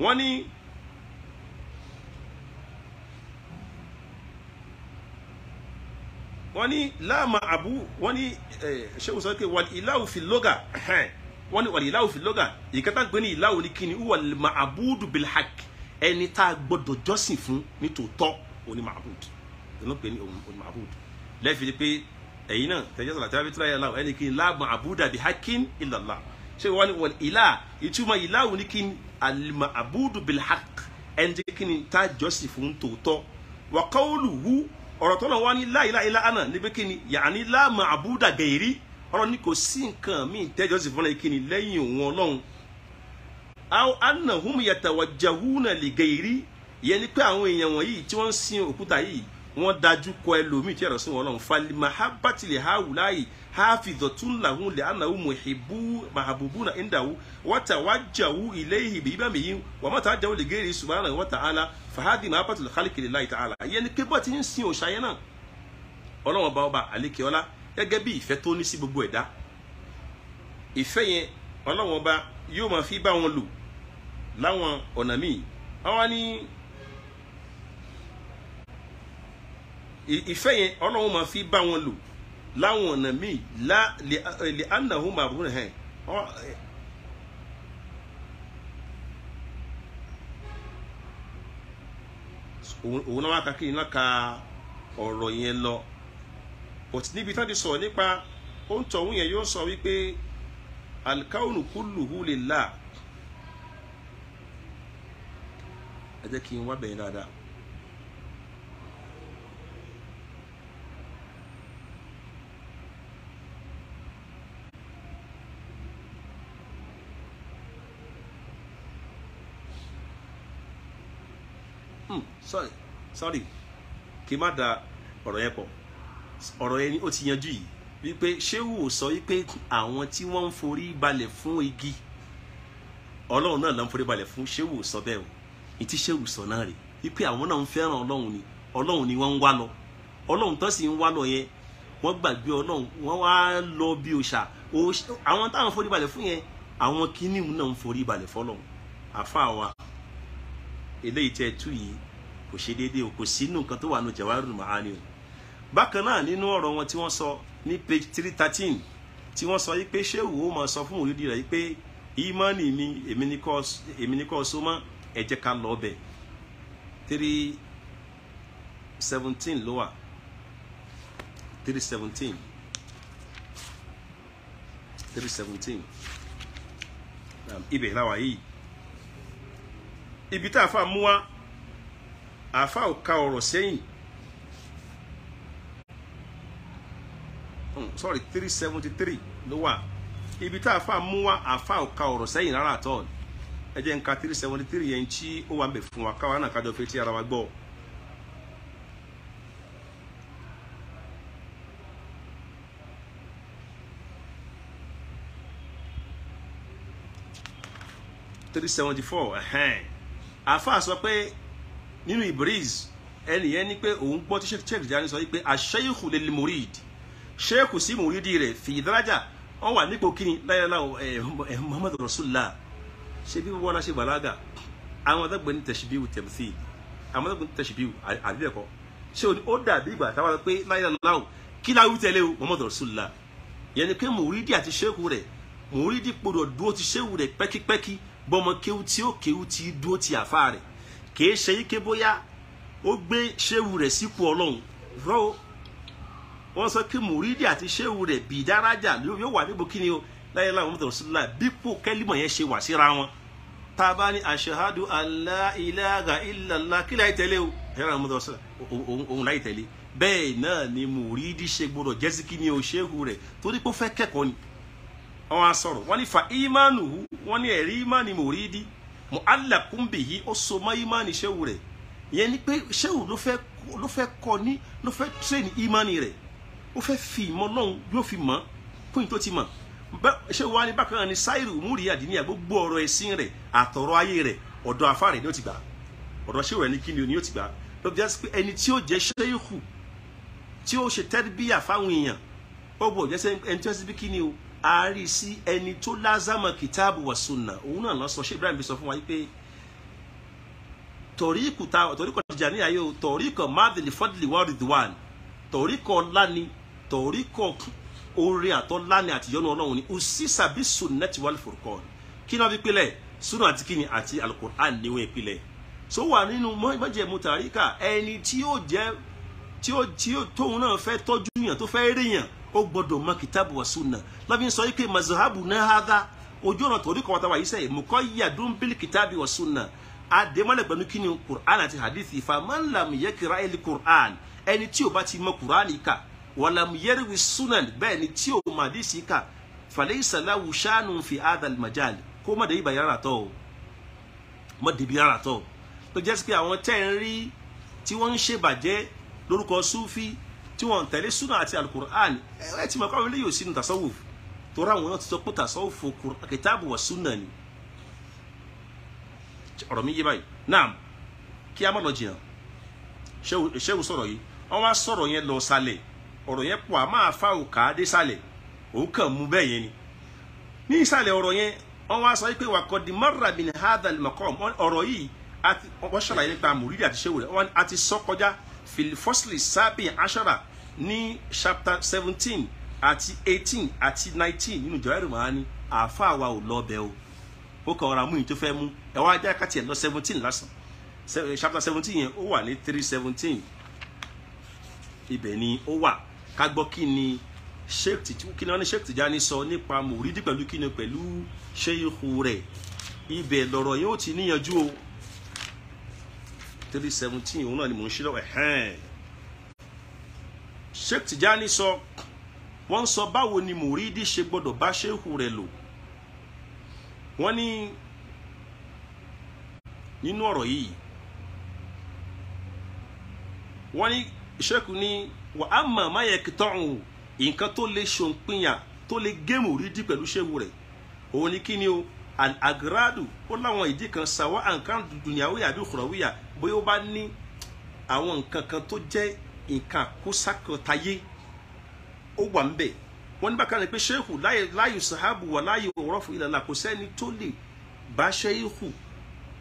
wọ́n ní wọ́n ní láàmà àbú wọ́n ní ṣéwù sọ pé wàlì ìláwù fi lọ́gà wọ́n ní wàlì ìláwù fi lọ́gà ìkẹta gbé ní ìláwù ní kíni wàlì màbúdù bilhak ẹni tá a gbọ́dọ̀ jọ́sìn fún ní tòótọ́ òní màbúdù ló ń pè ní òun ma'bud lẹ́ẹ̀fi pé ẹ̀yin náà tẹ̀jọ́ sọ̀rọ̀ àti abitúrà yàrá ẹni kí n láàmú àbúdà bí hakim illallah ṣé wọ́n ní wọ́n ìlà ìtumọ̀ ìlà òun ní kí n àlìmọ̀ àbúdù bil haq ẹni tí kí ni tá a jọ́sìn fún tòótọ́ wà kọ́ọ̀lù hu ọ̀rọ̀ tọ́nà wá ní láìlá ilá àná níbi kí ni yàní láàmú àbúdà gẹ̀ẹ́rí ọ̀rọ̀ ní kò sí nǹkan míì tẹ́jọ́sìn fún ẹni kí ni lẹ́yìn òun ọlọ́run aw annahum yatawajjahuna li gairi yẹn pé àwọn èèyàn wọ̀nyí tí wọ́n ń sin òkúta yìí wọ́n dájú kọ ẹlòmíì tí ẹ̀rọ sí wọn lọ́run falima habatile hawulayi hafidhotun lahun le anahu muhibu mahabubuna indahu wata wajahu ilayhi bibamihi wàmọ́ta jahu le gẹ́rẹ́ subhanahu wa ta'ala fahadi mahabatile khalikili lai ta'ala yẹn ni kébọ́ ti ń sin òòṣà yẹn náà ọlọ́wọ́n bá ọba àlékeọ́lá gẹ́gẹ́ bí ìfẹ́ tó ní sí gbogbo ẹ̀dá ìfẹ́ yẹn ọlọ́wọ́n bá yóò máa fi bá wọn lò láwọn ọ̀nà míì àwọn ni. ìfẹ́ yẹn ọlọ́run máa fi bá wọn lò láwọn ọ̀nà míì lá lè anahun màrún hàn òun náà wá kakiri náà ka ọ̀rọ̀ yẹn lọ but níbi tá a ti sọ̀rọ̀ nípa oúnjẹ òun yẹn yóò sọ wípé alikaunu kulluhu lillah ẹ jẹ́ kí n wá bẹ̀yìn dáadáa. sorry sorry kì í má da ọ̀rọ̀ yẹn pọ̀ ọ̀rọ̀ yẹn ó ti yanjú yìí wípé ṣéwù ò sọ wípé àwọn tí wọ́n ń forí balẹ̀ fún igi ọlọ́run náà ló ń forí balẹ̀ fún ṣéwù ò sọ bẹ́ẹ̀ o ìtí ṣéwù sọ náà rè wípé àwọn náà ń fẹ́ràn ọlọ́run ni ọlọ́run ni wọ́n ń wá lọ ọlọ́run tó sì ń wá lọ yẹn wọ́n gbàgbé ọlọ́run wọ́n wá lọ bí òòṣà àwọn táwọn forí balẹ̀ fún yẹn àwọn kìnnìún náà ń forí balẹ̀ fọlọ́run àfa wa eléyìí tẹ́ tú yìí kò ṣe déédéé o kò sínú nǹkan tó wà nù Jawahirul Ma'ani o bákan náà nínú ọ̀rọ̀ wọn tí wọ́n sọ ní page three thirteen tí wọ́n sọ yìí pé ṣéwù ó máa sọ fún mòlúdi rẹ̀ yìí pé ìmọ̀nì mi èmi ní kọ́ ọ sọmọ́ ẹ jẹ́ ká lọ ọbẹ̀ three seventeen ló wà three seventeen three seventeen ibẹ̀ làwà yìí ibi tá a fà mú wa àáfà ò ka ọ̀rọ̀ sẹ́yìn hmm, sorry three seventy three ló wà ibi tá àáfà mú wá àáfà ò ka ọ̀rọ̀ sẹ́yìn rárá àtọ́ ẹ jẹ́ nǹka three seventy three yẹn tí ó wà ń bẹ̀ fún wa káwa náà kájọ fi ti ara wa gbọ́. three seventy four àáfà sọ pé nínú Ibriz ẹnì yẹn ní pé òun gbọ́ tí sheikh sheikh jani sọ pé aṣẹ́yìkù lè murid sheikh sí muridi rẹ̀ fi ìdárajà wọ́n wà nípò kíni láyàlá ẹ̀ eh, eh, muhammadu rasulullah ṣe bí wọ́n ṣe bàlágà àwọn adágbẹ́ ní tẹ̀síbíù tẹ̀mísì àwọn adágbẹ́ ní tẹ̀síbíù àbíbẹ̀kọ́ ṣé ó dàbí ìgbà táwọn sọ pé láyàlá ò kí láwí tẹ̀lé o muhammadu rasulullah yẹn ni pé muridi àti sheikh rẹ̀ muridi gbọdọ̀ dúró ti sheikh rẹ̀ pẹ́kípẹ́kí bọ́mọ kéwú tí ó kéwú ti dúró ti àfáà rẹ̀ kìí ṣe ike bóyá ó gbé ṣéwù rẹ̀ sípò ọlọ́run rọ wọ́n sọ kí mùrídìí àti ṣéwù rẹ̀ bí dárájà yóò wà níbo kí ni o láyé láwọn mọ́tò sílá bípò kẹ́límọ̀ yẹn ṣe wà síra wọn tá a bá ní aṣahadu aláìlága ìlàlá kí láì tẹ́lẹ̀ o láyé láwọn mọ́tò sílá òun láì tẹ́lẹ̀ bẹ́ẹ̀ náà ni mùrídìí ṣe gbọdọ̀ jẹ́ sí kí ni o ṣéwù rẹ̀ torí pé ó fẹ́ kẹ́kọ̀ọ́ ni wọ́n á sọ̀rọ̀ wọ́n ní fa ìmánu wọ́n ní ẹ̀rí ìmánu mùrídìí mu'allaqun bihi ó so mọ́ imani ṣéwù rẹ̀ ìyẹn ni pé ṣéwù ló fẹ́ ló ní ló fẹ́ tírẹ̀nì ìmánì rẹ̀ ó fẹ́ fi ìmọ̀ náà yóò fi mọ̀ kún tó ti mọ̀ ṣéwù wa bákan ni sáírù múri àdìníyà gbogbo ọ̀rọ̀ ẹ̀sìn rẹ̀ àtọ̀rọ̀ ayé rẹ̀ ọ̀dọ̀ afárẹ̀ ni ó ti gbà ọ̀dọ̀ ṣéwù rẹ̀ ní kíni ni ó ti gbà lọ́bi jẹ́ pé ẹni tí ó jẹ́ ṣéyìkù tí ó ṣe tẹ́rìbíyà fáwọn èèyàn ó gbọ́ jẹ́ ẹni tí ó ṣe bí kíni o a rí sí ẹni tó lázàmọ kìtáàbù wà sunna òun náà lọ sọ ṣé Ibrahim bí sọ fún wa yìí pé tọríkù ta tọríkù Tìjàníyà yóò tọríkù madhili fadli wa ridwan tọríkù ọlá ni tọríkù oore àtọ́lá ni àtìyọ́nù ọlọ́run ni usisa bí sunnati wal furqan kí náà fi pilẹ̀ sunna àti kíni àti alukur'an ni wọ́n pilẹ̀ so wà nínú mọ́jẹ̀mú tàríkà ẹni tí yóò jẹ́ tí yóò tóun náà fẹ́ tọ́jú yàn tó fẹ́ rí yàn ó gbọ́dọ̀ mọ kìtàbù wa sunna lọ́fi ń sọ wípé mazahabu náà hádá ojú ọ̀nà tòrí kan wọ́n ta wà yìí sẹ́yìn mùkọ́ yíyà dúnbílì kìtàbù wa sunna àdèmọ́lẹ̀ pẹ̀lú kíni Qur'an àti hadithi famanlam yẹkira ẹli Qur'an ẹni tí o bá ti mọ Qur'an ìka wàlám yẹriwi sunan bẹ́ẹ̀ ni tí o mọ hadithi ìka falẹ́ ìsàlá wùsánù fi adal majal kó má dé ibà yàrá tọ́ o má dé ibi yàrá tọ́ o tó jẹ́ sí pé àwọn tẹ́ tí wọ́n ń ṣèbàjẹ́ lórúkọ sufi tí wọ́n tẹ̀lé súnà àti alukur'an ẹ ti mọ̀ pé àwọn eléyìí ò sínú tasawuf torí àwọn yóò ti sọ pé tasawuf kìtàbù wà súnà ni ọ̀rọ̀ mi yé báyìí naam kí a má lọ jìnnà ṣéwù sọ̀rọ̀ yìí wọ́n wá sọ̀rọ̀ yẹn lọ sálẹ̀ ọ̀rọ̀ yẹn pọ̀ a máa fa òkà dé sálẹ̀ òun kàn mú bẹ́ẹ̀ yẹn ni ní ìsàlẹ̀ ọ̀rọ̀ yẹn wọ́n wá sọ pé wàkọ̀dì marra bin hadha al-maqam ọ̀rọ̀ yìí wọ́n ṣàlàyé nípa mùrídìí àti ṣéwù rẹ̀ wọ́n ti sọ kọjá Firstly, sábìn ashara ní chapter seventeen àti eighteen àti nineteen nínú Jawahirul Mahani àáfàá wa ò lọ́bẹ̀ o ó kàn ra múyìn tó fẹ́ mú ẹ wá ajá kàtì ẹ̀ lọ seventeen lásán eh, chapter seventeen yẹn ó wà ní three seventeen ibẹ̀ ni ó wà ká gbọ́ kí ni sheikh kí ni wọ́n ní sheikh Tijani sọ nípa mòrídìí pẹ̀lú kí ni pẹ̀lú sheikh rẹ̀ ibẹ̀ lọ̀rọ̀ yóò ti níyanjú o three seventeen òun náà ni mò ń ṣe lọ́wọ́ ẹ̀hẹ́n Sheikh Tijani sọ wọ́n sọ báwo ni mùrídìí ṣe gbọ́dọ̀ bá ṣéhù rẹ̀ lò wọ́n ní nínú ọ̀rọ̀ yìí wọ́n ní Sheikh ní wà á mọ̀ máyẹ̀ kìtọ́hùn nǹkan tó lè ṣòǹpìyàn tó lè gé mùrídìí pẹ̀lú ṣéhù rẹ̀ òun ni kí ni o al agradu ó láwọn ìdí kan sàwọ́ àǹkan dùnìyàwó àbí òkúrọ̀wíyà bóyá ó bá ní àwọn nǹkan kan tó jẹ́ nǹkan àkóṣàkọtayé ó wà ń bẹ̀ wọ́n ní bákan náà pé ṣéèkù láyò sàhábù wà láyò òwúrọ̀ fún ìlànà kò sẹ́ni tó lè bá ṣéèkù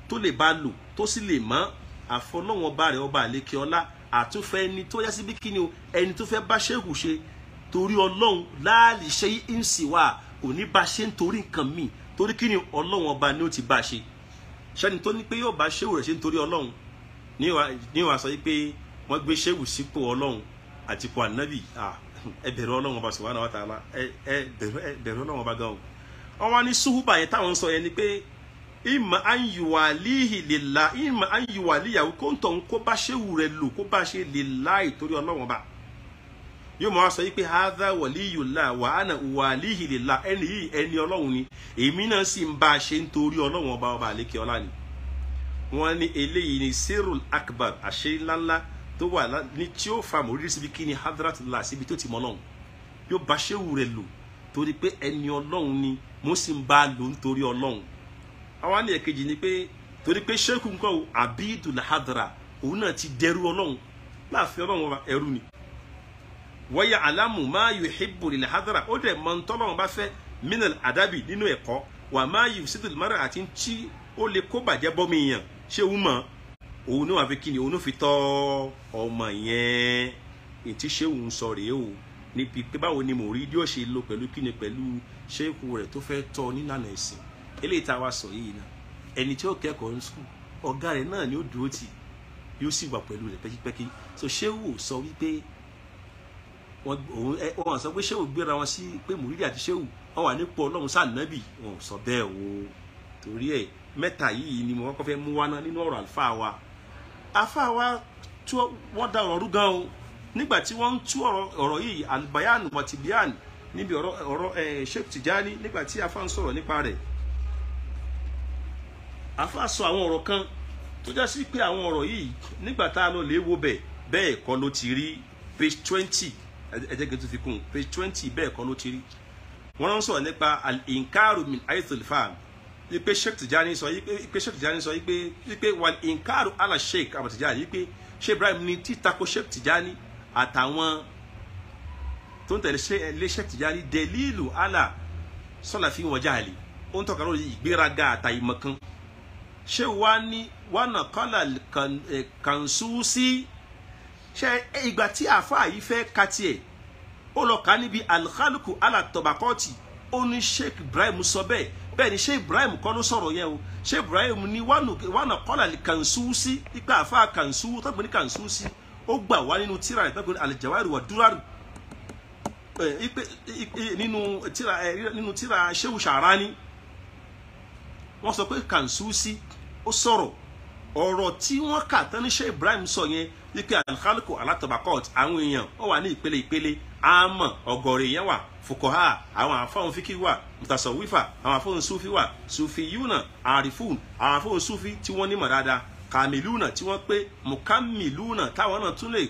tó lè bá lò tó sì lè mọ́ àfọlọ́wọ́n bá rẹ̀ ọba àlékè ọlá àtúnfẹ́ ẹni tó yá sí bí kíni o ẹni tó fẹ́ bá ṣéèkù ṣe torí ọlọ́run láàlì ṣe ìǹsì wa kò ní bá ṣe nítorí nǹkan míì torí kíni ọlọ́run ọba ni ó ti bá ṣe ṣẹ́ni tó ní pé yóò bá ṣéèkù rẹ̀ ṣe nítorí ọlọ́run níwàá sọ pé wọ́n gbé ṣéwù sípò ọlọ́run àti ipò ànábì ẹ bẹ̀rù ọlọ́run ọba sọ̀rọ̀ àwọn àtàlà ẹ bẹ̀rù ọlọ́run ọba gan-an wọ́n wá ní suhuba yẹn táwọn ń sọ yẹn ni pé ìmọ̀ àyùwà líhì lèlá ìmọ̀ àyùwà líyàwó kó ń tọ̀ ń kó bá ṣéwù rẹ̀ lò kó bá ṣe lèlá ìtorí ọlọ́run ọba yóò mọ sọ wípé hadha waliyullah wa ana walihi lillah ẹni yìí ẹni ọlọ́run ni èmi náà sì ń bá a ṣe nítorí ọlọ́run ọba ọba àlékè ọlá ni wọ́n ni eléyìí ní sirul akbar àṣírí ńláńlá tó wà ní tí ó fa mọ̀ oríṣiríṣi kí ni hadratullah síbi tó ti mọ̀ lọ́hùn yóò bá ṣéwù rẹ̀ lò torí pé ẹni ọlọ́run ni mo sì ń bá a lò nítorí ọlọ́run àwa ní ẹ̀kejì ni pé torí pé sheikh nǹkan o abidul hadra òun náà ti dẹrú ọlọ́run láàfin ọlọ́run ọba ẹrú ni wọ́yà alámù máa yọ ìhìbò hadra ó dẹ̀ mọ̀ ntọ́lọ́run bá fẹ́ minal adabi nínú ẹ̀kọ́ wà máa yọ sídìlmárà àti ntí ó lè kó bàjẹ́ bọ́mi yàn ṣé òun mọ̀ òun náà wà fi kíni òun náà fi tọ́ ọmọ yẹn ètí ṣé òun sọ rèé o níbi pé báwo ni mòrídìí ò ṣe lò pẹ̀lú kíni pẹ̀lú ṣé ikú rẹ̀ tó fẹ́ tọ́ nílànà ẹ̀sìn eléyìí tá a wá sọ yìí náà ẹni tí ó kẹ́kọ̀ọ́ ní skul ọ̀gá rẹ̀ náà ni ó dúró tì yóò sì wà pẹ̀lú rẹ̀ pẹ́kípẹ́kí so ṣéwù sọ wípé wọ́n sọ pé ṣéwù gbéra wọn sí pé mùrídìí àti ṣéwù wọ́n wà nípò ọlọ́run sáà nábì wọ́n sọ bẹ́ẹ̀ o torí ẹ̀ mẹ́ta yìí ni mo kọ́kọ́ fẹ́ mú wá ná nínú ọ̀rọ̀ àlùfáà wa àfáà wa tí wọ́n da ọ̀rọ̀ rú gan o nígbà tí wọ́n ń tú ọ̀rọ̀ yìí albayan watibian níbi ọ̀rọ̀ Sheikh Tijani nígbà tí àfáà ń sọ̀rọ̀ nípa rẹ̀ àfáà sọ àwọn ọ̀rọ̀ kan tó já sí pé àwọn ọ̀rọ̀ yìí nígbà tá a lọ lè wo bẹ̀ bẹ́ẹ̀ kọ́ ló ti rí page twenty ẹ jẹ́ kí fi kún page twenty bẹ́ẹ̀ kọ́ ló ti rí wọ́n ń sọ̀rọ̀ nípa al-inkaru min aizul fam ipe sheikh tijani sọ ipe ipe sheikh tijani sọ ipe ipe wal inkaru ala sheikh abu tijani ipe sheikh ibrahim ni títako sheikh tijani àtàwọn tó ń tẹ̀lé lé sheikh tijani delilu ala sọláfin wajali ó ń tọ́ka lórí ìgbéraga àtà ìmọ̀kan ṣé wàá ní wàá nà kọ́là kànṣú sí ṣe ìgbà tí àáfàá yìí fẹ́ ka tiẹ̀ ó lọ kà níbi alhaluku alatọ̀bàkọ́tì ó ní sheikh ibrahim sọ bẹ́ẹ̀ bẹ́ẹ̀ ni ṣé Ibrahim kọ́ ló sọ̀rọ̀ yẹn o ṣé Ibrahim ní wàhánà kọ́là kànṣúsí ipa àfa kànṣú tọ́gbìn kànṣúsí ó gbà wá nínú tíra rẹ̀ tọ́gbìn alìjẹ̀wárì wà dúrárì nínú tíra nínú tíra Shehu Sharani wọ́n sọ pé kànṣúsí ó sọ̀rọ̀ ọ̀rọ̀ tí wọ́n kà tán ní ṣé Ibrahim sọ yẹn wípé alhálùkù alátọ̀bàkọ́t àwọn èèyàn ó wà ní ìpele ìpele àmọ́ ọ̀gọ̀rọ̀ èèyàn wà fukoha àwọn àfọwọn fíkì wà mùtàsọ wífà àwọn àfọwọn sufi wà sufi yuna àrífùn àwọn àfọwọn sufi tí wọ́n nímọ̀ dáadáa kàmìlúnà tí wọ́n pé mùkàmìlúnà táwọn náà tún lè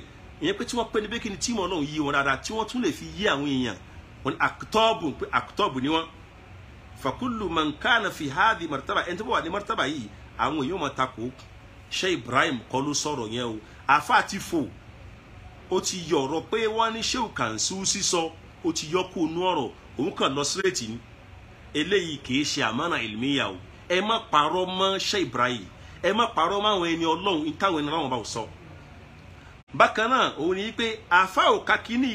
ìyẹn pé tí wọ́n pé níbi kí ni tí mọ̀ náà yí wọn dáadáa tí wọ́n tún lè fi yí àwọn èèyàn wọn àkútọ́ọ̀bù pé àkútọ́ọ̀bù ni wọ́n fakulu mankana fi haadi martaba ẹni tó bá wà ní martaba yìí àwọn èèyàn máa takò ṣe Ibrahim kọ́ ló sọ̀rọ̀ yẹn o àfa àti fò ó ti yọ ọ̀rọ̀ pé wọ́n ní Shehu Kansu sísọ ó ti yọ kó inú ọ̀rọ̀ òun kàn lọ síréètì ni eléyìí kìí ṣe àmánà ìlmíyà o ẹ má parọ́ mọ́ Sheikh Ibrahim ẹ má parọ́ mọ́ àwọn ẹni ọlọ́run ìtàwọn ẹni ọlọ́run bá ò sọ. bákan náà òun ni pé àfa òka kínní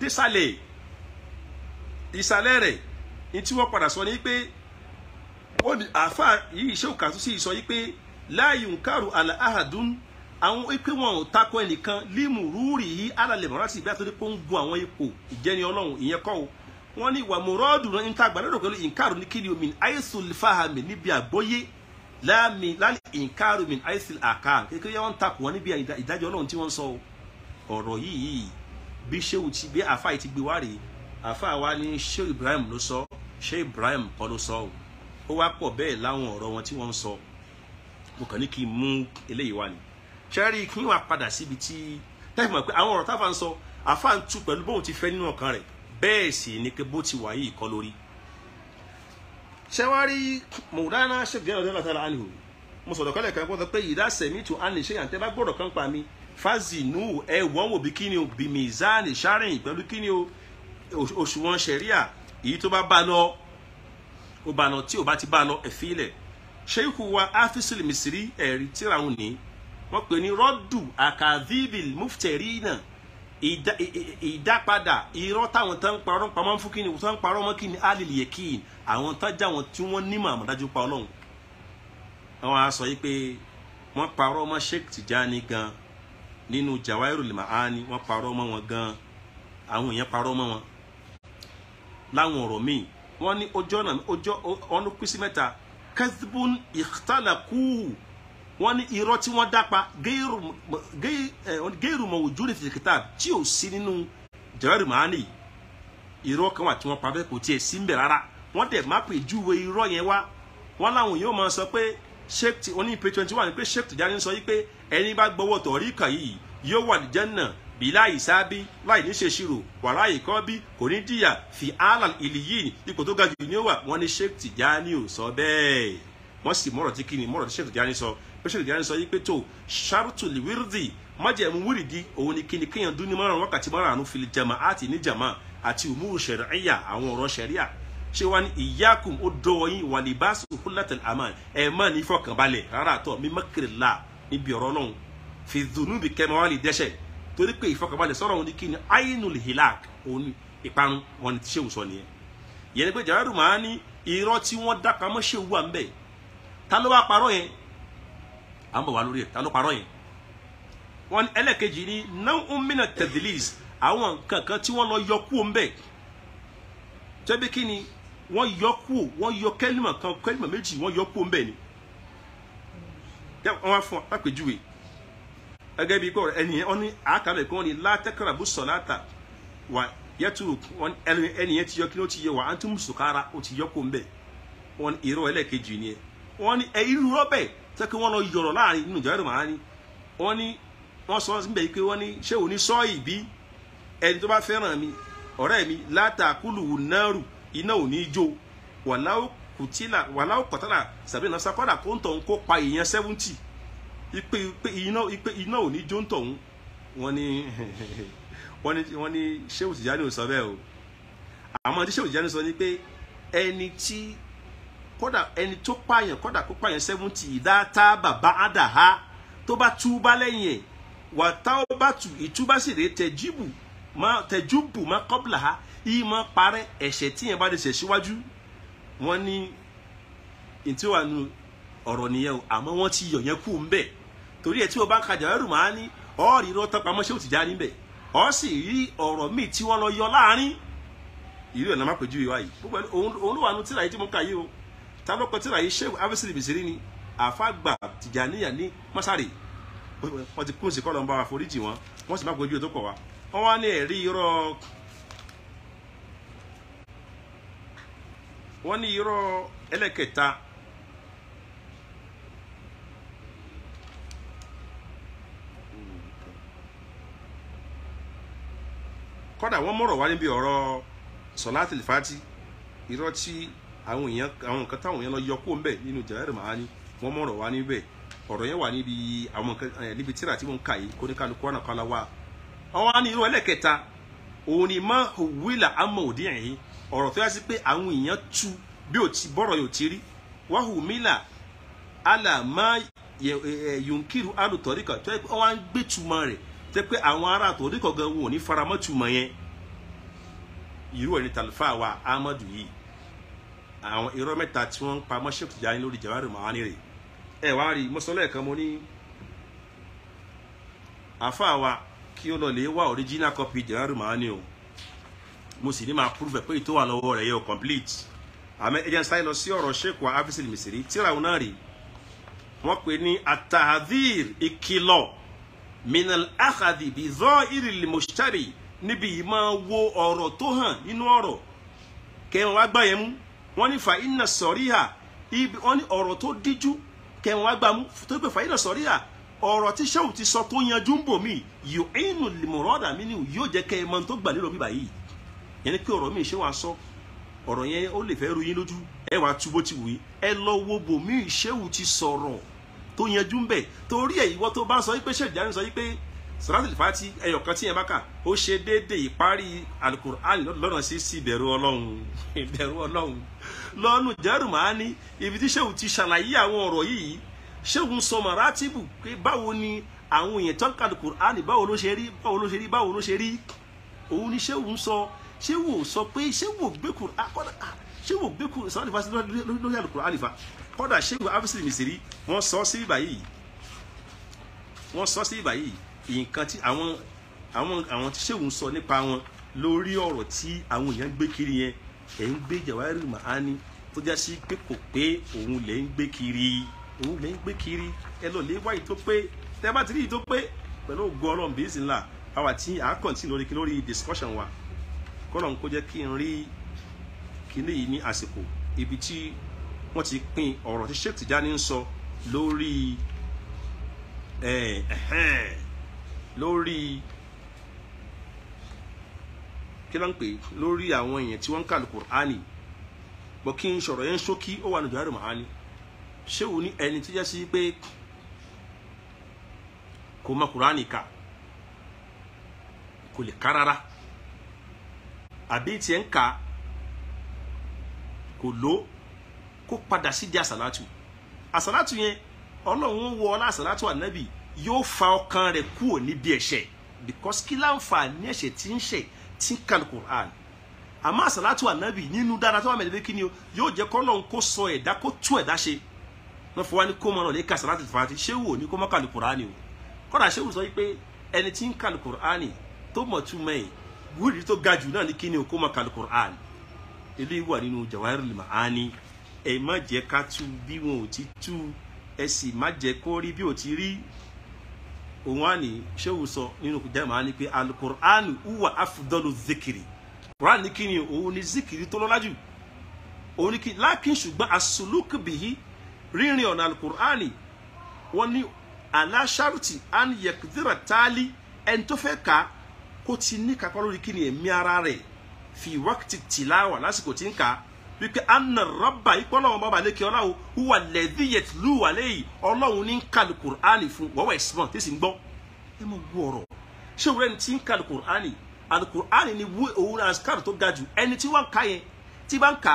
désàlẹ̀ ìsàlẹ̀ rẹ̀ ní tí wọ́n padà sọ ni pé àfa yìí Shehu Kansu sí sọ yìí pé la yunkaru ala ahadun àwọn ipe wọn ò takọ ẹnìkan límù rúurì yìí alàlẹ̀ mọ́ra sí ìgbà tó dé pé ó ń gun àwọn ipò ìjẹni ọlọ́run ìyẹn kọ́ o wọ́n ní ìwà mọ́rọ́ọ̀dù náà ń ta àgbà lọ́dọ̀ pẹ̀lú ní kí ni omi àìsùn fàhàmì níbi àgbọ́yé láàmì láàlì ìǹkaàrò mi àìsùn àká kékeré wọn ń takò wọn níbi ìdájọ́ ọlọ́run tí wọ́n sọ ọ̀rọ̀ yìí bí ṣéwù ti bí àfa yìí ti gbé wá àfa wa ní ṣé Ibrahim ló sọ ṣé Ibrahim kọ́ ló sọ ó wá pọ̀ bẹ́ẹ̀ láwọn ọ̀rọ̀ wọn tí wọ́n ń sọ mo kàn ní kí n mú eléyìí wá ni ṣẹ́rí kí wọ́n padà síbi tí tẹ́fì mọ̀ pé àwọn ọ̀rọ̀ táfà ń sọ àfà ń tu pẹ̀lú bóun ti fẹ́ nínú ọkàn rẹ̀ bẹ́ẹ̀ sì ni pé bó ti wà yìí kọ́ lórí. ṣé wàá rí mọ̀dánà ṣèjì ọ̀dọ́ ọ̀dọ́ ọ̀dọ́ àlùhù mo sọ̀rọ̀ kọ́lẹ̀ kan gbọ́dọ̀ pé ìdásẹ̀ mi tù ánì ṣe yàn tẹ́ bá gbọ́dọ̀ kan pa mi fazinu ẹ wọ́n wò bí kíni o bí mizani sharin pẹ̀lú kíni o òṣùwọ̀n ṣẹ̀ríà èyí tó bá bá lọ ó bá lọ tí ò bá ti bá lọ ẹ̀fílẹ̀ ṣéyíkù wa áfíìsì lèmísìrí ẹ̀rí tíra òun nìí wọ́n pè ní rọ́dù akazibil mufterina ìdápadà irọ́ táwọn tán ń parọ́ pamọ́ fún kíni tán ń parọ́ mọ́ kíni alìlì yẹkìn àwọn tán já wọn tí wọ́n nímọ̀ àmọ̀dájú pa ọlọ́run àwọn á sọ yìí pé wọ́n parọ́ mọ́ Sheikh Tijani gan nínú Jawahirul Ma'ani wọ́n parọ́ mọ́ wọn gan àwọn èèyàn parọ́ mọ́ wọn láwọn ọ̀rọ̀ míì wọ́n ní ojú ọ̀nà ojú ọ̀nà kùsì mẹ́ta kazbun ikhtalaku wọ́n ní irọ́ tí wọ́n dápa géèrú eh, mọ̀ ojú ní fìkìtà tí ò sí nínú jẹ́rìí màánì irọ́ kan wà tí wọ́n pa bẹ́ẹ̀ kò tiẹ̀ sí ń bẹ̀ rárá wọ́n dẹ̀ má pè júwe irọ́ yẹn wá wọ́n láwọn yóò máa sọ pé sheikh oní page twenty one pé sheikh Tijani sọ yìí pé ẹni bá gbọ́wọ́ tọ̀rí kan yìí yóò wà ní jẹ́nà bílá ìsáábí láì ní ṣèṣirò wàrà ìkọ́ bí kò ní dìyà fi alal ìlìyìn ipò tó ga jù ní ó wà wọ́n ní sheikh Tijani ò sọ bẹ́ẹ̀ wọ́n sì mọ̀rọ̀ tí kí ni mọ̀rọ̀ tí sheikh Tijani sọ bẹ́sẹ̀ ìjìnlẹ̀ sọ yìí pé tó ṣàrùtù wíìrìdì májẹ̀mú wíìrìdì òun ni kíni kéèyàn dún ní márùn wákàtí márùn fil jama àti ní àti umuru ṣẹ̀ríyà àwọn ọ̀rọ̀ ṣẹ̀ríyà ṣé wá ní ìyákùn ó dọwọ́ yín wà ní bá sùkúrú látàlí àmàn ẹ̀ má ní fọkànbalẹ̀ rárá àtọ̀ mi mọ́kìrìlá níbi ọ̀rọ̀ náà fi dùnú bí kẹ́mọ́ wá lè dẹ́ṣẹ̀ torí pé ìfọkànbalẹ̀ sọ̀rọ̀ òun ni kíni ainul hilak òun ìparun wọn ni ṣéwù sọ nìyẹn yẹn ni pé jàrá rùmá ní irọ́ tí wọ́n dápamọ́ ṣéwù wà ń bẹ̀ ta ló wá parọ́ yẹn à ń bọ̀ wá lórí ẹ̀ ta ló parọ́ yẹn wọn ẹlẹ́ẹ̀kejì ni náà mina tẹ̀dílìs àwọn nǹkan kan tí wọ́n lọ yọ kúò ń bẹ̀ tẹ́bí kí ni wọ́n yọ kúò wọ́n yọ kẹ́lìmọ̀ kan kẹ́lìmọ̀ méjì wọ́n yọ kúò ń bẹ̀ ni wọ́n wá fún apàpèjúwe gẹ́gẹ́ bí pé ẹnìyẹn wọ́n ní àkàlẹ̀ kí ní látẹ́kọ̀rọ̀ bó sọ̀ láta wà yẹtu wọn ẹnìyẹn ti yọ kí ni ti yẹ wà á tún ó ti yọ kúò ń bẹ̀ wọn ìrọ̀ ẹlẹ́ẹ̀kejì ni ẹ wọn ní ẹ irú rọ́bẹ̀ tẹ́ pé wọ́n lọ yọ̀rọ̀ láàrin nínú ìjọ ìrùmọ̀ ní wọ́n ní wọ́n sọ níbẹ̀ yìí pé wọ́n ní ṣé òní sọ ìbí ẹni tó bá fẹ́ràn mi ọ̀rẹ́ mi látàkùlù náírù iná òní jó wàláwò kùtìlà wàláwò kọ̀tàlà sàbí náà sakọ́dà kó ń tọ̀hún kó pa èèyàn sẹ́wùntì ipe ipe iná ipe iná òní jó ń tọ̀hún wọ́n ní wọ́n ní wọ́n ní ṣéwù tìjáni ò sọ bẹ́ẹ̀ o àmọ́ tí ṣéwù tìjáni sọ ni pé ẹni tí kódà ẹni tó pààyàn kódà kó pààyàn seventy ìdá tábà bá àdà ha tó bá túbá lẹ́yìn ẹ̀ wà tábà tù ìtúbá sì rèé tẹ̀júbù má tẹ̀júbù má kọ́bùlà ha yìí má parẹ́ ẹ̀ṣẹ̀ tíyẹn bá lè ṣẹ̀ síwájú wọ́n ní ntí wà nù ọ̀rọ̀ nìyẹn o àmọ́ wọ́n ti yọ̀ yẹn kú ń bẹ̀ torí ẹ̀ tí o bá ka Jawahiru Mahani ọ̀rì irọ́ tán pamọ́ ṣé o ti já níbẹ̀ ọ̀ sì rí ọ̀rọ̀ míì tí wọ́n lọ yọ láàrin ìlú ẹ̀ má pèjú ìwà yìí gbogbo òun ló wà nù tíra yìí tí mo kà yìí o ta ló kọ tíra yìí sheikh abisiri bisiri ni àfàgbà tìjàníyà ní masari wọn ti kún sí kọ́ lọ́nba àforíjì wọn wọn sì má gbójú tó kọ̀ wá wọn wá ní ẹ̀rí irọ́ wọn ní irọ́ ẹlẹ́kẹta kọ́dà wọ́n mọ̀rọ̀ wá níbi ọ̀rọ̀ sọ̀látìlì fati irọ́ tí àwọn èèyàn àwọn nǹkan táwọn èèyàn lọ yọ kó ń nínú jẹ̀rẹ̀rẹ̀ màá ní wọn mọrọ wá níbẹ̀ ọ̀rọ̀ yẹn wà níbi àwọn nǹkan eh, níbi tíra tí mo ń kà yìí kó ní kálukú ọ̀nà kan ni irú ẹlẹ́kẹta òun ni wíìlà tu bí bọ́rọ̀ yóò ti rí mílà àlà má tó yẹ pé wọ́n ń gbé rẹ̀ tó yẹ pé àwọn ará gan wò ní faramọ́ yẹn àwọn irọ́ mẹ́ta tí wọ́n ń pa mọ́ Sheikh Tijani lórí Jawahirul Ma'ani rè ẹ wá rí mo sọ lẹ́ẹ̀kan mo ní àáfàá wa kí ó lọ lè wá original copy Jawahirul Ma'ani o mo sì ní máa prove pé ìtò wà lọ́wọ́ rẹ̀ yẹ o complete àmọ́ ẹ jẹ́ sáyé lọ sí ọ̀rọ̀ Sheikh wa Hafiz tíra òun náà rè wọ́n pè ní atahadhir ìkìlọ̀ minal akhadhi bi dhahiril mushtari níbi ìmọ̀ wo ọ̀rọ̀ tó hàn nínú ọ̀rọ̀ kẹ́ wọn wá gbọ́ yẹn mú wọ́n ní fa iná sọ̀ríhà ibi wọ́n ní ọ̀rọ̀ tó díjú kẹwọn agbámú tó pé fa iná sọ̀ríhà ọ̀rọ̀ tí sẹ́wù ti sọ tó yanjú ń bò mí yóò inú lèmọ̀rọ́dà mi ni yóò jẹ́ kẹ́ ẹ mọ tó gbà lérò mi báyìí yẹn ni pé ọ̀rọ̀ mi ṣé wàá sọ ọ̀rọ̀ yẹn ó lè fẹ́ ru yín lójú ẹ wàá tu bó ti wù yín ẹ lọ wo bò mí sẹ́wù ti sọ̀rọ̀ tó yanjú ń bẹ̀ torí ẹ̀ ìwọ tó bá sọ yí pé sẹ́wù jáde sọ yí pé sàrátìlì fati ẹyọkan tí yẹn bá kà ó ṣe déédéé ìparí alukur'an lọ́nà sí sí ìbẹ̀rù ọlọ́run ìbẹ̀rù ọlọ́run lọ́nu jẹ́rùmání ibi tí sẹ́wù ti ṣàlàyé àwọn ọ̀rọ̀ yìí sẹ́wù ń sọ màrátìbù pé báwo ni àwọn èèyàn tó ń ka Kùránì báwo ló ṣe rí báwo ló ṣe rí báwo ló ṣe rí òun ni sẹ́wù ń sọ sẹ́wù sọ pé sẹ́wù gbé Kùránì ah, sẹ́wù gbé Kùránì fa lórí Al-Kùránì fa kọ́dà sẹ́wù áfíìsì Misiri wọ́n sọ sí ibà yìí wọ́n sọ sí ibà yìí nǹkan tí àwọn àwọn àwọn tí sẹ́wù ń sọ nípa wọn lórí ọ̀rọ̀ tí àwọn èèyàn gbé kiri yẹn ẹ̀ ń gbé jawari ma'ani tó já sí pé kò pé òun lè ń gbé kiri òun lè ń gbé kiri ẹ lọ lè wáyé tó pé tẹ bá ti rí i tó pé pẹ̀lú ògùn ọlọ́run bíyìí ńlá àwa tí à ń lórí lórí discussion wa kọ́nà kó jẹ́ kí n rí kíní yìí ní àsìkò ibi tí wọ́n ti pín ọ̀rọ̀ tí Sheikh Tijani ń sọ lórí lórí kí ló ń pè lórí àwọn èèyàn tí wọ́n ń kà Al-Qur'ani bọ́ kí n sọ̀rọ̀ yẹn ṣókí ó wà ní Jawahirul Ma'ani ṣéwù ní ẹni tó jẹ́ sí pé kò mọ Qur'ani kà kò lè ká rárá àbí tiẹ̀ ń kà kò ló kó padà sí di àsàlátù àsàlátù yẹn ọlọ́run wọ ọlá ànábì yóò fa ọkàn rẹ̀ kúrò níbi ẹ̀ṣẹ̀ because kí láǹfààní ẹ̀ṣẹ̀ tí ń ṣe tinkan quran àmọ́ àsàlátù ànábì nínú dáadáa tó wà mẹ́lẹ́dẹ́ kí ni o yóò jẹ́ kọ́ lọ́n kó sọ ẹ̀dá kó tú ẹ̀dá ṣe wọ́n fọwọ́ ní kó mọ́nà lè ka àsàlátù fàtí ṣéwù ò ní kó mọ́ kàlù kùránì o kọ́dà ṣéwù sọ pé ẹni tí ń kàlù kùránì tó mọ̀ tú mẹ́yìn wúrí tó ga jù náà ní kí ni o kó mọ́ kàlù kùránì eléyìí wà nínú Jawahirul Ma'ani ẹ má jẹ́ ká tú bí wọn ò ti tú ẹ sì má jẹ́ kó rí òun á ní ṣéwù sọ nínú jẹ́mọ̀ á ní pé alukur'anu uwa afudọ́lu zikiri quran ní kíni òun ní zikiri tó lọ́lá jù òun ní kí lákìn ṣùgbọ́n asulukubihi rírìn ọ̀nà alukur'ani wọ́n ní aláṣàrùtì an yẹkùdìrà táálí ẹni tó fẹ́ ka kó ti ní kápá lórí kíni ẹ̀mí ara rẹ̀ fi wákìtì tìláwà lásìkò tí ń ka wípé anna rabba ìpọ́nlọ́wọ́n bàbá lékè ọláwo huwa lẹ́dí yẹt lúwa léyìí ọlọ́run ní kàlù kùránì fún wọ́wọ́ ẹ̀sìmọ̀ tí sì ń gbọ́ ẹ mọ̀ wú ọ̀rọ̀ ṣé òwúrẹ́ ni ti ń kàlù kùránì alukur'ani ni wú òun asikari tó ga jù ẹni tí wọ́n ka yẹn tí bá ń ka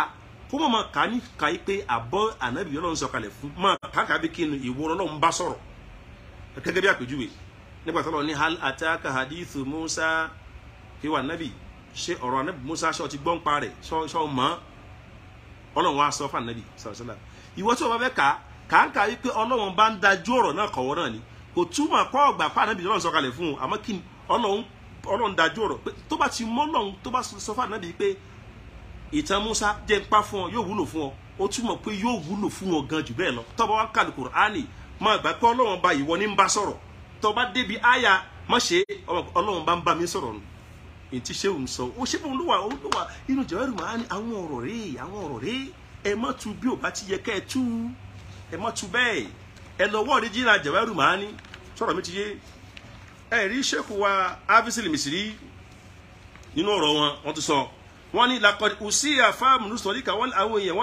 kó mọ̀ máa kà á ní ka yìí pé àbọ̀ ànábì ọlọ́run sọ̀kalẹ̀ ọlọ́run wa sọ fún ìwọ tí o bá fẹ́ kà á kà á ń kà á wípé ọlọ́run bá ń dájú ọ̀rọ̀ náà kọ̀wọ́ náà ni kò túmọ̀ kọ́ ọgbà fún ànábì ọlọ́run sọ̀kalẹ̀ fún un àmọ́ kí ni ọlọ́run ọlọ́run dájú ọ̀rọ̀ pé tó bá ti mọ́ ọlọ́run tó bá sọ fún ànábì pé ìtàn Musa jẹ́ ń pa fún ọ yóò wúlò fún ọ o túmọ̀ pé yóò wúlò fún ọ gan jù bẹ́ẹ̀ lọ tó bá wá kàlù Kùránì máa gbà pé ọlọ́run bá ìwọ ní ń bá sọ̀rọ̀ tó bá débi àyà má ṣe ètí ṣé òun sọ ó ṣé bóun ló wà ó ló wà inú jẹ̀wẹ́rù máa ní àwọn ọ̀rọ̀ rè àwọn ọ̀rọ̀ rè ẹ má tu bí ò bá ti yẹ kẹ́ ẹ tú ẹ má tu bẹ́ẹ̀ ẹ lọ́wọ́ original jẹ̀wẹ́rù máa ní sọ̀rọ̀ mi ti yé ẹ rí ṣẹ́kù wa avisil misiri nínú ọ̀rọ̀ wọn wọ́n ti sọ wọ́n ní lakọ̀dí òsì àfáàmù ní sọ̀ríkà wọ́n àwọn èèyàn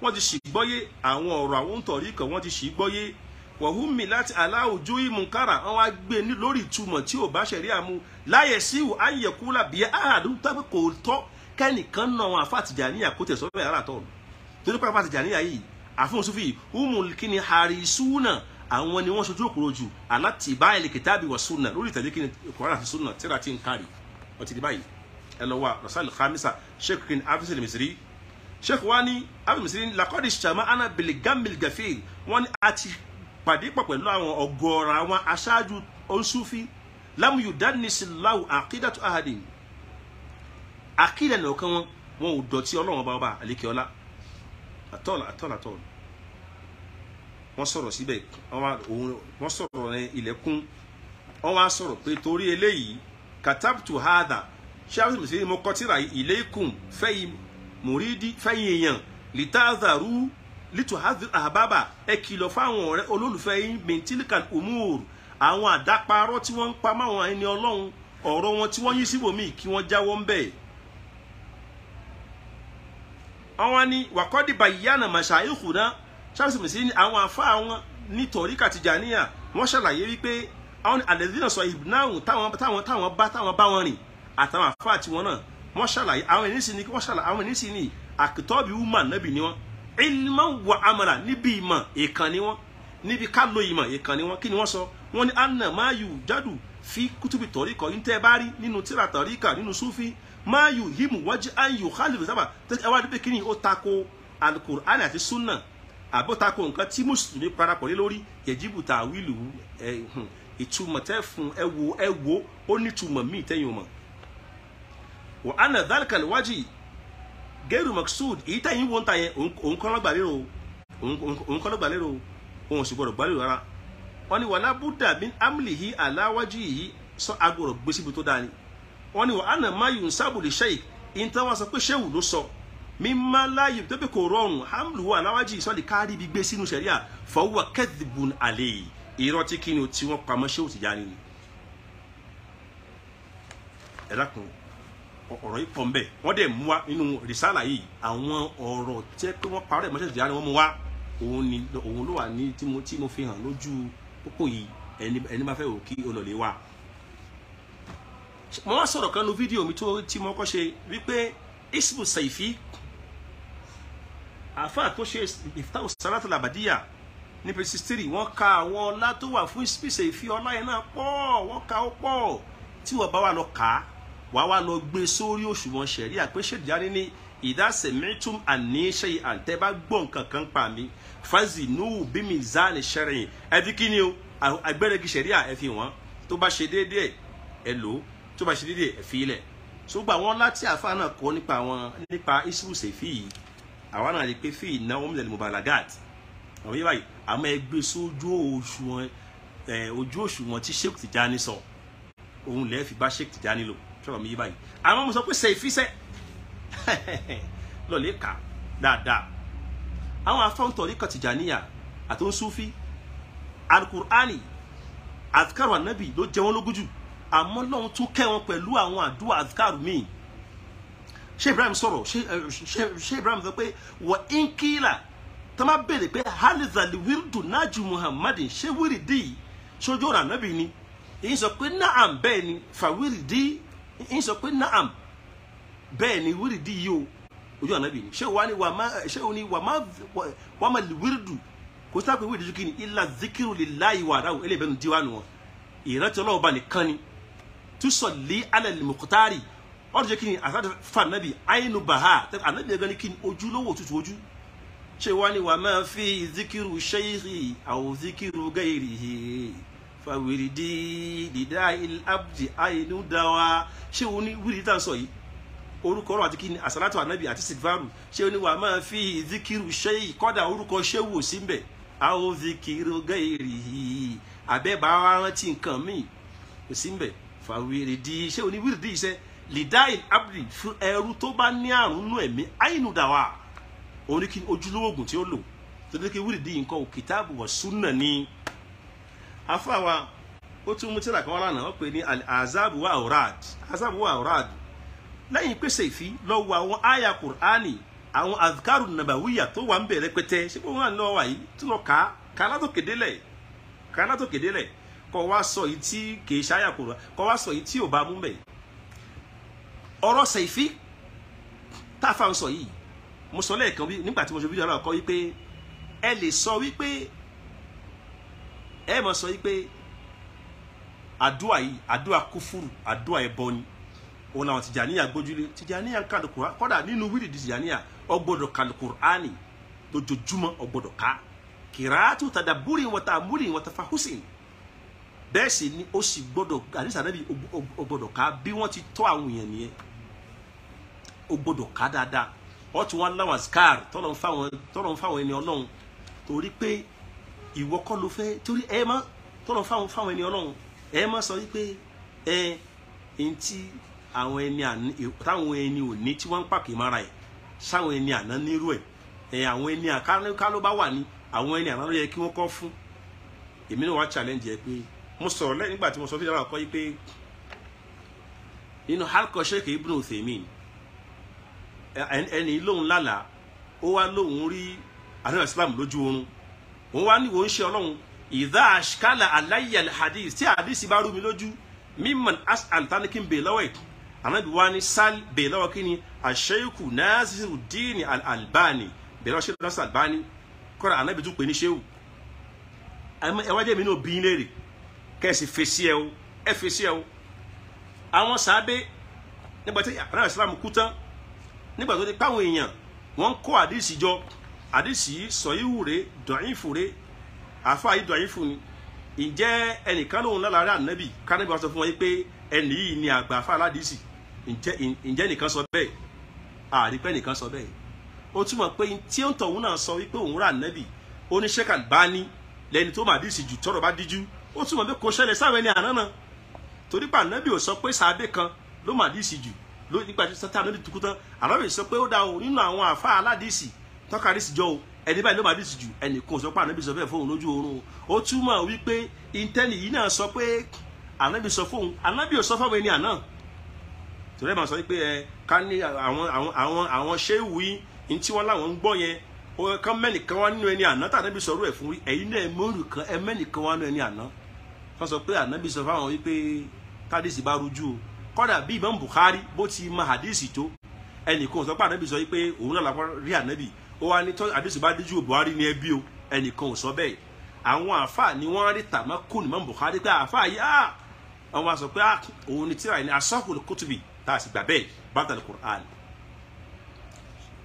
wọ́n ti ṣìgbọ́yé àwọn ọ̀rọ̀ àwọn ń tọ̀ríkà wọ́n ti ṣìgbọ́yé wọ̀húnmi láti aláwùjọ ìmùkára wọ́n wá gbé lórí ìtumọ̀ tí ò bá ṣẹ̀rí àmú láyé síwò ayẹkúlà bíi àádùn tàbí kò tọ́ kẹ́nìkan náà wọn àfa Tìjàníyà kó tẹ̀ sọ́dọ̀ yàrá tọ̀ torí pé àfa Tìjàníyà yìí àfihàn Sufi umul kini harisuna àwọn ni wọ́n ṣojú òkúrò jù aláti bá ilé kìtàbí wà sunna lórí ìtẹ̀lé kini Kùránì àti sunna tíra ti ń kárì ó ti di báyìí ẹ lọ wa rasal khamisa sheikh kini afis misiri sheikh wani afis misiri lakodi shama ana biligamil gafil wọ́n ní a ti pàdé pọ̀ àwọn ọ̀gọ̀ọ̀rọ̀ àwọn aṣáájú onsufi lam yudannis Allahu aqidatu ahadin àkídà ní ọ̀kan wọn wọn ò dọ̀tí ọlọ́run ọba ọba àlékeọlá àtọ́lá àtọ́lá àtọ́lá wọ́n sọ̀rọ̀ síbẹ̀ wọ́n sọ̀rọ̀ rẹ ilẹ̀kùn wọ́n wá sọ̀rọ̀ pé torí eléyìí katabtu hadha ṣáàbù mùsùlùmí mo kọ tírà ilaykum fẹ́yìn mùrídì fẹ́yìn èèyàn litazaru lituhadhir ahbaba ẹ kìlọ̀ fáwọn olólùfẹ́ yín min tilkal àwọn àdáparọ́ tí wọ́n ń pa máwọn ẹni ọlọ́run ọ̀rọ̀ wọn tí wọ́n yí síbòmíì kí wọ́n jáwọ́ ń bẹ̀. àwọn ni wàkọ́dì bàyíyànà màṣá ìkùnà ṣàbẹ̀sẹ̀mẹ̀sì ni àwọn àfa àwọn nítorí kàtìjàníyà wọ́n ṣàlàyé wípé àwọn àlẹ́dínà sọ ìbùnáhùn táwọn táwọn táwọn bá táwọn bá wọn rìn àtàwọn àfa àtiwọn náà wọ́n ṣàlàyé àwọn ènìyàn sì ni wọ́n ṣàlàyé àwọn ènìyàn sì ni àkìtọ́bì wúmà nábì ni wọ́n ilmọ̀ wà àmàlà níbi ìmọ̀ ìkànnì níbi ká lo ìmọ̀ ìkan ni wọ́n kí ni wọ́n sọ wọ́n ní anna mayu jadu fi kútùbì tọ́ríkọ̀ yín tẹ́ bá rí nínú tíra tọ́ríkà nínú súfì mayu himu wájú anyu khalifu sábà ẹ wá dípé kí ó tako alukur'an àti sunna àbó tako nǹkan tí mùsùlùmí parapọ̀ lé lórí yẹjibu ta wílù ìtumọ̀ tẹ́ fún ẹ wo ẹ wo ó nítumọ̀ míì tẹ́yìn o mọ̀ wọ́n anna dálkàlì wájú gẹ́rù maksud èyí tẹ́yìn wo ń ta yẹn òun kọ́ lọ́gbà lérò òun kọ́ lọ́gbà lérò òun sì gbọdọ̀ gbálẹ̀ rárá wọ́n ní wàlá buddha bin amli yìí aláwájú yìí sọ agbọ̀rọ̀ gbé síbi tó dáa ni wọ́n ní wà á nà sheik ìntàn wa sọ pé shehu ló sọ mi má láàyè tó bí kò rọrùn hamlu wa aláwájú yìí sọ́ọ̀lì kárí ibi gbé sínú sẹ̀ríà fọwọ́ kẹ́dìbùn àlè irọ́ tí kí ni o tí wọ́n pamọ́ shehu ti já nínú. ẹ dákun ọ̀rọ̀ yìí pọ̀ ń bẹ̀ wọ́n mú wa nínú rìsálà yìí àwọn ọ̀rọ̀ tẹ́ pé wọ́n parọ́ ẹ̀ ti já ni wọ́n mú wa òun ni òun ló wà ní tí mo tí mo fi hàn lójú pópó yìí ẹni ẹni bá fẹ́ wò kí olólè wà. mo wá sọ̀rọ̀ kan nu fídíò mi tó tí mo kọ́ ṣe wípé Hizbu Saifi àáfàá tó ṣe ìfitá òsàlátà làbàdíyà ní pẹ̀lú sixty three wọ́n ka àwọn ọlá tó wà fún Hizbu Saifi ọlá yẹn náà pọ̀ wọ́n ka ó pọ̀ tí wọ́n bá wà lọ kà á wàá wá lọ gbé sórí òṣùwọ̀n ṣẹ̀rí àpéṣẹ̀díjáde ní ìdásẹ̀mẹ́tùm àníṣe àǹtẹ́ bá gbọ́ pa mi fazi nuhu bimi zani sẹrin ẹ fi kí ni o agbẹrẹgi sẹríà ẹ fi wọn tó bá ṣe déédéé ẹ lò ó tó bá ṣe déédéé ẹ fi ilẹ̀ ṣùgbọ́n àwọn láti àfáà náà kọ́ nípa àwọn nípa isbu sefi yìí àwa náà rí pé fi iná wọn mílẹ̀ ní mubalagat àwọn yìí báyìí àmọ́ ẹ gbé sójú òṣùwọ̀n ẹ ojú òṣùwọ̀n tí Sheikh Tijani sọ òun lẹ́ẹ̀ fi bá Sheikh Tijani lò sọ̀rọ̀ mi yìí báyìí àmọ́ mo sọ pé sefi sẹ́ lọ́ọ̀lẹ́ kà dáadáa àwọn afáǹtọ̀rí kàtìjàníyà àti oṣùfì alukur'ani azkaru anabi ló jẹ wọn lógójù àmọ́ lọ́hún tún kẹ́ wọn pẹ̀lú àwọn àdúrà azkaru míì ṣé ibrahim sọ̀rọ̀ ṣé ibrahim sọ pé wọ inkila tó máa béèrè pé halizali wirdu naju muhammadin ṣé wíìrìdì sójú ọ̀rọ̀ anabi ni èyí sọ pé naam bẹ́ẹ̀ ni fa wíìrìdì èyí sọ pé naam bẹ́ẹ̀ ni wíìrìdì yìí o ojú ànábì ni ṣéwù wá ní ṣéwù ní wà má wíìrìdù kò sáà pé wíìrìdù kí ni zikiru lè láyé wà ráwù ẹlẹ́bẹ̀rún díwánu wọn ìrántí ọlọ́wọ́ bá nìkan ni túsọ̀ lé alẹ́ lè mọ̀kọ́tárì ọ̀rọ̀ jẹ́ kí ni àtàdé fa ànábì àyínú bàhá ànábì ẹ̀gán ni kí ni ojúlówó òtútù ojú ṣé wá ní wà má fi zikiru ṣéyìí àwọn zikiru gẹ́yìrì fàwìrìdì dídá ilé abdi àyínú dáwà ṣé wọn ní wíìrì tá à sọ yìí orúkọ ọ̀rọ̀ àti kí ni àsálàtù ànábì àti sigvaru ṣé ó ní wàá máa fi ìdíkìrù ṣe kọ́dà orúkọ ṣéwù ò sí ń àwọn òdìkìrù gẹ̀ẹ́rì àbẹ́bà wa rántí nǹkan míì kò sí ń fàwérè di ṣé ó ní wíìrì di iṣẹ́ lidai abdi fún ẹrú tó bá ní àrùn nú ẹ̀mí àìnùdàwà òun ní kí ojúlówó oògùn tí ó lò tó wíìrì di nǹkan ò kìtàbù wọ̀ súnà ni afáwa ó tún mú tíra kan wá lánàá wọ́n pè ní azabu wa orad azabu wa orad lẹ́yìn pé Seifi lọ wo àwọn àyà Kùránì àwọn azkaru nàbàwíyà tó wà ń bẹ̀rẹ̀ pẹ́tẹ́ ṣé wọ́n wà ń lọ wà yìí tó lọ kà á kà á látòkè délẹ̀ kà á látòkè délẹ̀ kọ́ wa sọ yìí tí kìí ṣáyà Kùránì kọ́ wa sọ yìí tí ò bá mú bẹ̀. ọ̀rọ̀ Seifi táfà ń sọ yìí mo sọ lẹ́ẹ̀kan bí nígbà tí mo ṣe fídíò aláwọ̀kọ́ wípé ẹ lè sọ wípé ẹ mọ̀ sọ wípé àdúrà yìí àdúrà kúfùrù àdúrà ẹbọ ni òun làwọn tìjàníyà gbójúlé tìjàníyà kàlùkùrá kọ́dà nínú wíìlì tìjàníyà ọgbọ́dọ̀ kàlùkùránì lójoojúmọ́ ọgbọ́dọ̀ ká kìrààtù tàdàbúrì wọ́tà múlì wọ́tà fàhùsìn bẹ́ẹ̀ sì ni ó sì gbọ́dọ̀ àdìsá nàbì ó gbọ́dọ̀ ká bí wọ́n ti tọ́ àwọn èèyàn nìyẹn ó gbọ́dọ̀ ká dáadáa wọ́n ti wọ́n láwọn skar tọ́lọ̀ ń fáwọn ẹni ọlọ́run torí pé ìwọ kọ́ ló fẹ́ torí ẹ má tọ́lọ̀ ń fáwọn ẹni ọlọ́run àwọn ẹni táwọn ẹni òní tí wọ́n ń pàkì mara ẹ̀ sáwọn ẹni àná nírú ẹ̀ ẹ̀ àwọn ẹni àkánká ló bá wà ní àwọn ẹni àná ló yẹ kí wọ́n kọ́ fún èmi náà wá challenge ẹ pé mo sọ̀rọ̀ lẹ́yìn nígbà tí mo sọ fídíò náà kọ́ yí pé nínú halkọ Sheikh Ibn Uthaymin ẹni lóhun lálàá ó wá lóhun rí àdúrà Islam lójú oorun òun wá níwò ń ṣe ọlọ́run ìdá àṣkálà aláyàl hadith tí hadith bá rú mi lójú mímọ̀ as'al lọ́wọ́ ìtàn anabi wa ni sal belawa kini asheiku nasiru dini al-albani belawa sheiku nasiru albani kọ́ra anabi tún pè ní sheiku ẹwájú mi náà bí n léèrè kẹ́sì fèsì ẹ o ẹ fèsì ẹ o àwọn sábẹ́ nígbà tí anabi islam kú tán nígbà tó ti páwọn èèyàn wọ́n kó àdìsí jọ àdìsí sọ̀yíwù rẹ̀ dọ̀yìnfù rẹ̀ àfa yìí dọ̀yìnfù ni ǹjẹ́ ẹnìkan lòun lára rẹ̀ ànábì kánábì sọ fún wọn yìí pé ẹnì yìí ni àgbà àfa aládìsí ǹjẹ́ nìkan sọ bẹ́ẹ̀ àrípẹ́ nìkan sọ bẹ́ẹ̀ ó túmọ̀ pé tí ń tọ̀hún náà sọ wípé òun rà nẹ́bì oníṣẹ́kà bá ní lẹ́ni tó mà díìsì jù tọ́rọ̀ bá díjú ó túmọ̀ pé kò ṣẹlẹ̀ sáwọn ẹni àná náà torí pé ànábì ò sọ pé sàábé kan ló mà díìsì jù ló nígbà tí sátá lórí tukú tán ànábì sọ pé ó da o nínú àwọn àfa aládìsì tọ́ka díìsì jọ o ẹni báyìí ló mà díìsì jù ẹnì kan sọ pé ànábì sọ bẹ́ẹ̀ fóun lójú oorun ó túmọ̀ wípé intanet yìí náà sọ pé ànábì sọ fóun ànábì ò sọ fáwọn ẹni àná torí ẹ̀ máa sọ pé ẹ ká ní àwọn àwọn àwọn àwọn ṣéwù yìí tí wọ́n láwọn ń gbọ́ yẹn kan mẹ́nìkan wá nínú ẹni àná tàbí bí sọ̀rọ̀ ẹ̀ fún ẹ̀yin náà mọ́rù kan ẹ mẹ́nìkan wá nínú ẹni àná wọ́n sọ pé ànábì sọ fáwọn wípé tádìsì bá rújú o kọ́dà bí Imam Bukhari bó ti ma hadisi tó ẹnìkan sọ pé ànábì sọ wípé òun náà làwọn rí ànábì ó wá ní àdìsí bá díjú Buhari ní ẹbí o ẹnìkan ò sọ bẹ́ẹ̀ àwọn àáfàá ni wọ́n rí tàmákùn Imam Bukhari pé àáfàá yìí àwọn ah! àsọ pé ah! òun ni tíra ẹni asọ́kùn kùtùbì tá a sì gbà bẹ́ẹ̀ bàtà lè Qur'an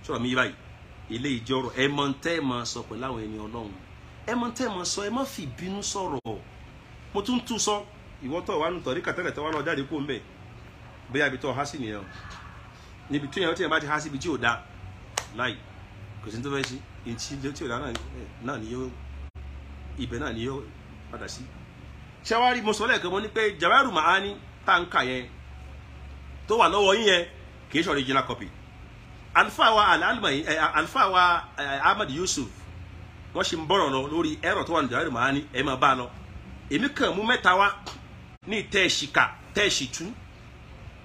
sọ̀rọ̀ mi yí báyìí ilé ìjọrọ̀ ẹ mọ tẹ́ ẹ máa sọ pẹ̀lú àwọn ẹni ọlọ́run ẹ mọ tẹ́ ẹ máa sọ ẹ má fi ìbínú sọ̀rọ̀ mo tún tún sọ ìwọ tó wà nùtọ̀ rí kàtẹ́lẹ̀ tó wà lọ jáde kó ń bẹ̀ bóyá ibi tó há sí nìyẹn o níbi tó yẹn tó yẹn bá ti há síbi tí ò da láì kò sí ní tó fẹ́ sí ìtì tí ò da náà ni yóò ibẹ̀ náà ni yóò padà sí. ṣé mo sọ lẹ́ẹ̀kan mo ní pé Jawaru Maani tá à ń yẹn t'o wà lọ́wọ́ yín yẹn kì í ṣe original copy alfawa alalmayi eh, eh, ahmed yusuf wọ́n ṣe ń bọ̀rọ̀ lọ lórí ẹ̀rọ tó wà ní ìdáwọ́ ìmọ̀ràn ẹ̀ máa bá a lọ èmi kàn mú mẹ́ta wá ní tẹ́ẹ̀sì tú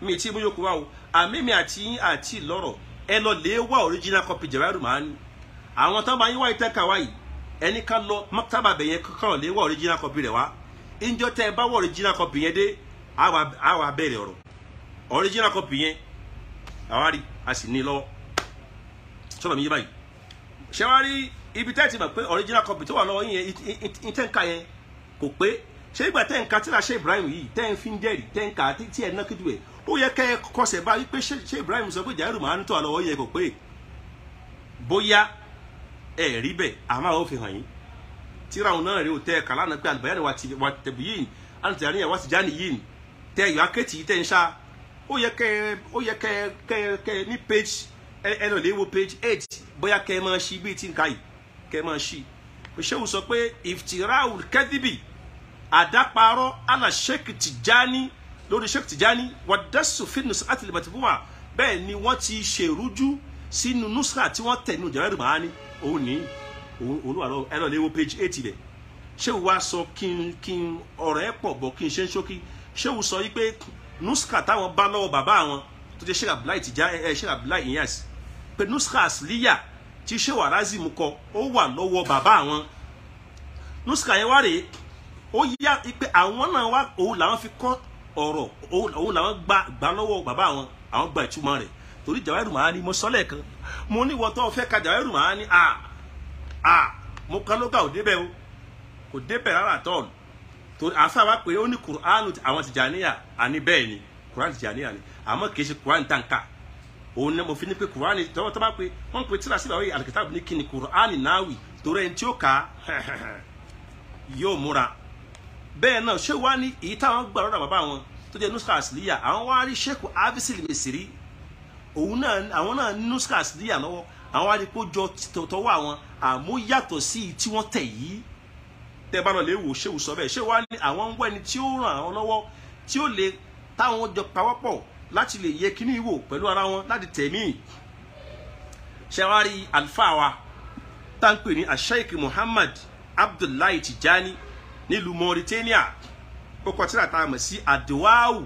mi ti mo yókù wá o àmì mi àti àti lọrọ ẹ lọ lè wá original copy jẹ̀wá ìmọ̀ràn àwọn tó bá yín wá ìtẹ́ka ẹni ká lọ mọ́tàbà bẹ̀yẹn kọ́kọ́ lè wá original copy rẹ̀ wá ìjọ original copy yẹn àwa rí a sì ní lọ́wọ́ sọ́dọ̀ mi yé báyìí ṣé wàá rí ibi tẹ́ẹ̀tì mọ̀ pé original copy tó wà lọ́wọ́ yẹn ìtẹ́ǹkà yẹn kò pé ṣé ìgbà tẹ́ǹkà tí ra ṣe Ibrahim yìí tẹ́ǹ fi ń dẹ́rì tẹ́ǹkà tí ẹ̀ ná kíjú ẹ̀ ó yẹ kẹ́ ẹ kọsẹ̀ báyìí pé ṣé Ibrahim sọ pé jairu máa ń tọ́ àlọ́wọ́ yẹn kò pé bóyá ẹ̀ rí bẹ́ẹ̀ àmọ́ àwọn òfin hàn yín tíra òun náà rí òtẹ́ ẹ̀ka lánàá pé àlùbáyà ni wà tẹ̀bí yìí àti àníyàn wà tìjáni yìí tẹ́ ìyọ́ akéètì yìí tẹ́ ń ṣáá ó yẹ kẹ ó yẹ kẹ kẹ kẹ ní page ẹ lè wo page eight bóyá kẹ máa ṣí bíi ti ń ka yìí kẹ máa ṣí ṣéwù sọ pé ìfìtìráwù kẹ́díbì àdáparọ́ àlà Sheikh Tijani lórí Sheikh Tijani wàdásù fitness àti lèbàtìbùwà bẹ́ẹ̀ ni wọ́n ti ṣèrújú sínú nusra tí wọ́n tẹ̀ nínú jẹ́rẹ́rì màá ní òun ní òun wà lọ ẹ lè wo page eight rẹ̀ ṣéwù wá sọ kí n kí n ọ̀rọ̀ ẹ̀ pọ̀ bọ̀ kí n ṣe ń ṣókí ṣéwù sọ yí pé nuska táwọn bá lọ́wọ́ bàbá àwọn tó jẹ́ sheikh abdullahi tijá ẹ eh, sheikh abdullahi iyas pé nuska asliya tí sheikh warazim kọ ó wà lọ́wọ́ bàbá àwọn nuska yẹn wá rèé ó yá pé àwọn náà wá òun làwọn fi kọ́ ọ̀rọ̀ òun làwọn gbà gbà lọ́wọ́ bàbá àwọn àwọn gba ìtumọ̀ rẹ̀ torí jàwẹ́rù màá ní mo sọ́lẹ̀ kan mo ní wọ́tọ́ fẹ́ ka jàwẹ́rù màá ní à à mo kan ló ga ò débẹ̀ o kò débẹ̀ rárá tọ́ọ̀nù torí àáfàá wa pé ó ní kuranu àwọn tìjàníyà àní bẹ́ẹ̀ ni kuranu tìjàníyà ni àmọ́ kì ṣe kuranu tàǹkà òun náà mo fi ní pé kuranu tọ́wọ́ tọ́wọ́ pé wọ́n pe tíra síbà wọ́n alikitaabu ní kíni kuranu náwì torí ẹni tí ó kà á yóò múra bẹ́ẹ̀ náà ṣé wàá ní èyí táwọn gbà lọ́dọ̀ bàbá wọn tó jẹ́ nuska asiliya àwọn wá rí sheku abisil mesiri òun náà àwọn náà nuska asiliya lọ́wọ́ àwọn wá rí kó jọ tọ̀tọ̀ wà wọn àmúyàtọ̀ sí tí wọ́n tẹ̀ yìí tẹ́ bá lọ lè wò ṣéwù sọ bẹ́ẹ̀ ṣéwù wá ní àwọn ń wẹ́ni tí ó ràn àwọn lọ́wọ́ tí ó lè táwọn jọ pawọ́pọ̀ láti lè yẹ kíní wò pẹ̀lú ara wọn láti tẹ̀mí ṣẹwárí àlùfáà wa táǹpè ní asheik muhammad abdullahi tijani nílùú mauritania ó kọ tírà tá a mọ̀ sí adwawu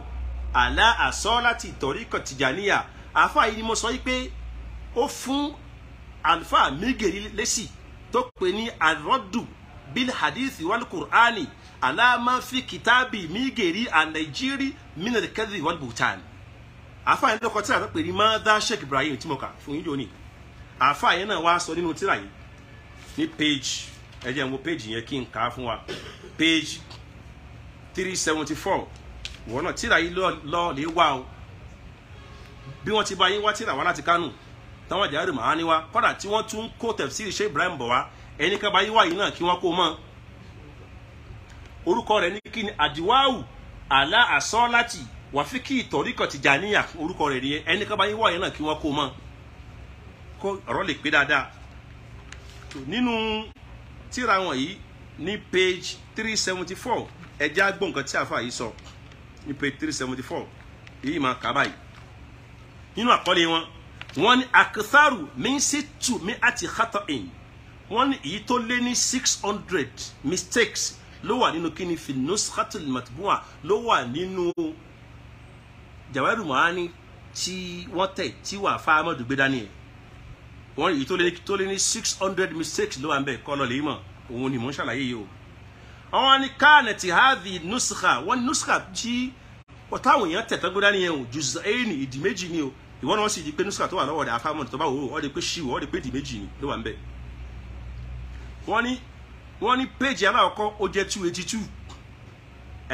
àlá àsọ láti ìtọ̀ríkọ̀ tìjàníyà àáfàá yìí ni mo sọ yìí pé ó fún àlùfáà mígèrè lẹ́sì tó pè ní àrọ́dù bil hadisi wal qur'ani ala ma fi kitabi mi geri a Nigeria min al kazi wal butan àfáà yẹn lọ́kọ tíra tó pè ní mother Sheikh Ibrahim tí mo kà fún yín lónìí àfáà yẹn náà wá sọ nínú tíra yìí ní page ẹ jẹ́ n wo page yẹn kí n kà á wa page three seventy four wọ́n náà tíra yìí lọ́ọ́ lè wá o bí wọ́n ti bá yín wá tíra wá láti Kánò táwọn àjàrè màá ní wá kọ́dà tí wọ́n tún kó tẹ̀síìrì Sheikh Ibrahim bọ̀ wá ẹni kan bá yí wáyé náà kí wọ́n kó mọ́ orúkọ rẹ̀ ní kí ni àdìwáwù àlá àsọ́láti wàfíkì ìtọ̀ríkọ̀ Tìjàníyà orúkọ rẹ̀ nìyẹn ẹni kan bá yí wáyé náà kí wọ́n kó mọ́ kó ọ̀rọ̀ lè pé dáadáa nínú tíra wọn yìí ní page three seventy four ẹjẹ́ agbó nǹkan tí àfa yìí sọ ní page three seventy four èyí máa kà báyìí nínú àkọlé wọn wọn ni akitharu mi ń ṣètù mi àti xatọ ẹ̀yìn wọ́n ní èyí tó lé ní six hundred mistakes ló wà nínú kíni finosratul matbuwa ló wà nínú jawaru mahani tí wọ́n tẹ̀ tí wà fa amadu gbé dání ẹ̀ wọ́n ní èyí tó lé ní six hundred mistakes ló wà ń bẹ̀ kọ́nà lè mọ̀ òun ni mò ń ṣàlàyé yìí o àwọn ni káànà ti háàdì nusra wọ́n ní nusra tí táwọn èèyàn tẹ̀ tọ́gbó dání yẹn o jùzọ́ ẹ̀yìn ìdí méjì ni o ìwọ́n náà sì di pé nusra tó wà lọ́wọ́ rẹ̀ afámọ́ni tó wọ́n ní péjì aláwọ̀kọ́ ó jẹ́ two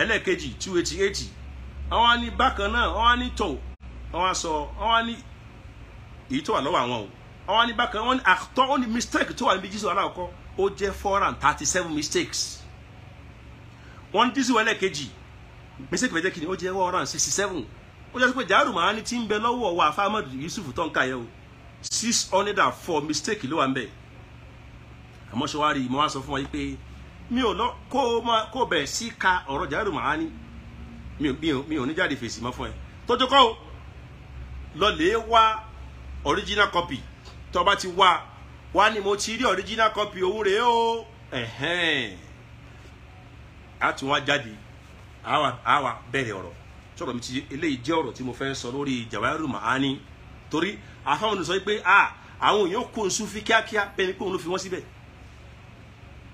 ẹlẹ́ẹ̀kejì two eighty eight àwọn á ní bákan náà wọ́n á ní tọ̀ wọ́n á sọ wọ́n ní èyí tó wà lọ́wọ́ àwọn o wọ́n á ní bákan wọ́n ní àtọ́ wọ́n ní mistake tó wà níbi jísù aláwọ̀kọ́ ó jẹ́ four and thirty seven mistakes wọ́n ní jísù ẹlẹ́ẹ̀kejì mistake fẹ́ jẹ́ kí ni ó jẹ́ four ó jẹ́ pé jàrú màá ní ti ń bẹ lọ́wọ́ wa fáwọn Yusuf tó ń kà yẹ o mistake ló wà ń àmọ́ ṣe wá rí mo wá sọ fún wọn yìí pé mi ò lọ kó o máa kó o bẹ̀rẹ̀ sí ka ọ̀rọ̀ Jawahirul Mahani mi ò mi ò ní jáde fèsì mọ́ fún ẹ tójú kọ́ o lọ lè wá original copy tó bá ti wá wá ni mo ti rí original copy òun rèé o ẹ̀hẹ́n á tún wá jáde á wá bẹ̀rẹ̀ ọ̀rọ̀ sọ̀rọ̀ mi ti eléyìí jẹ́ ọ̀rọ̀ tí mo fẹ́ sọ lórí Jawahirul Mahani torí àfáwọn olùsọ yìí pé àwọn èèyàn kó nsú fi kíákíá bẹ́ẹ̀ ni pé òun ló fi wọ́n síbẹ̀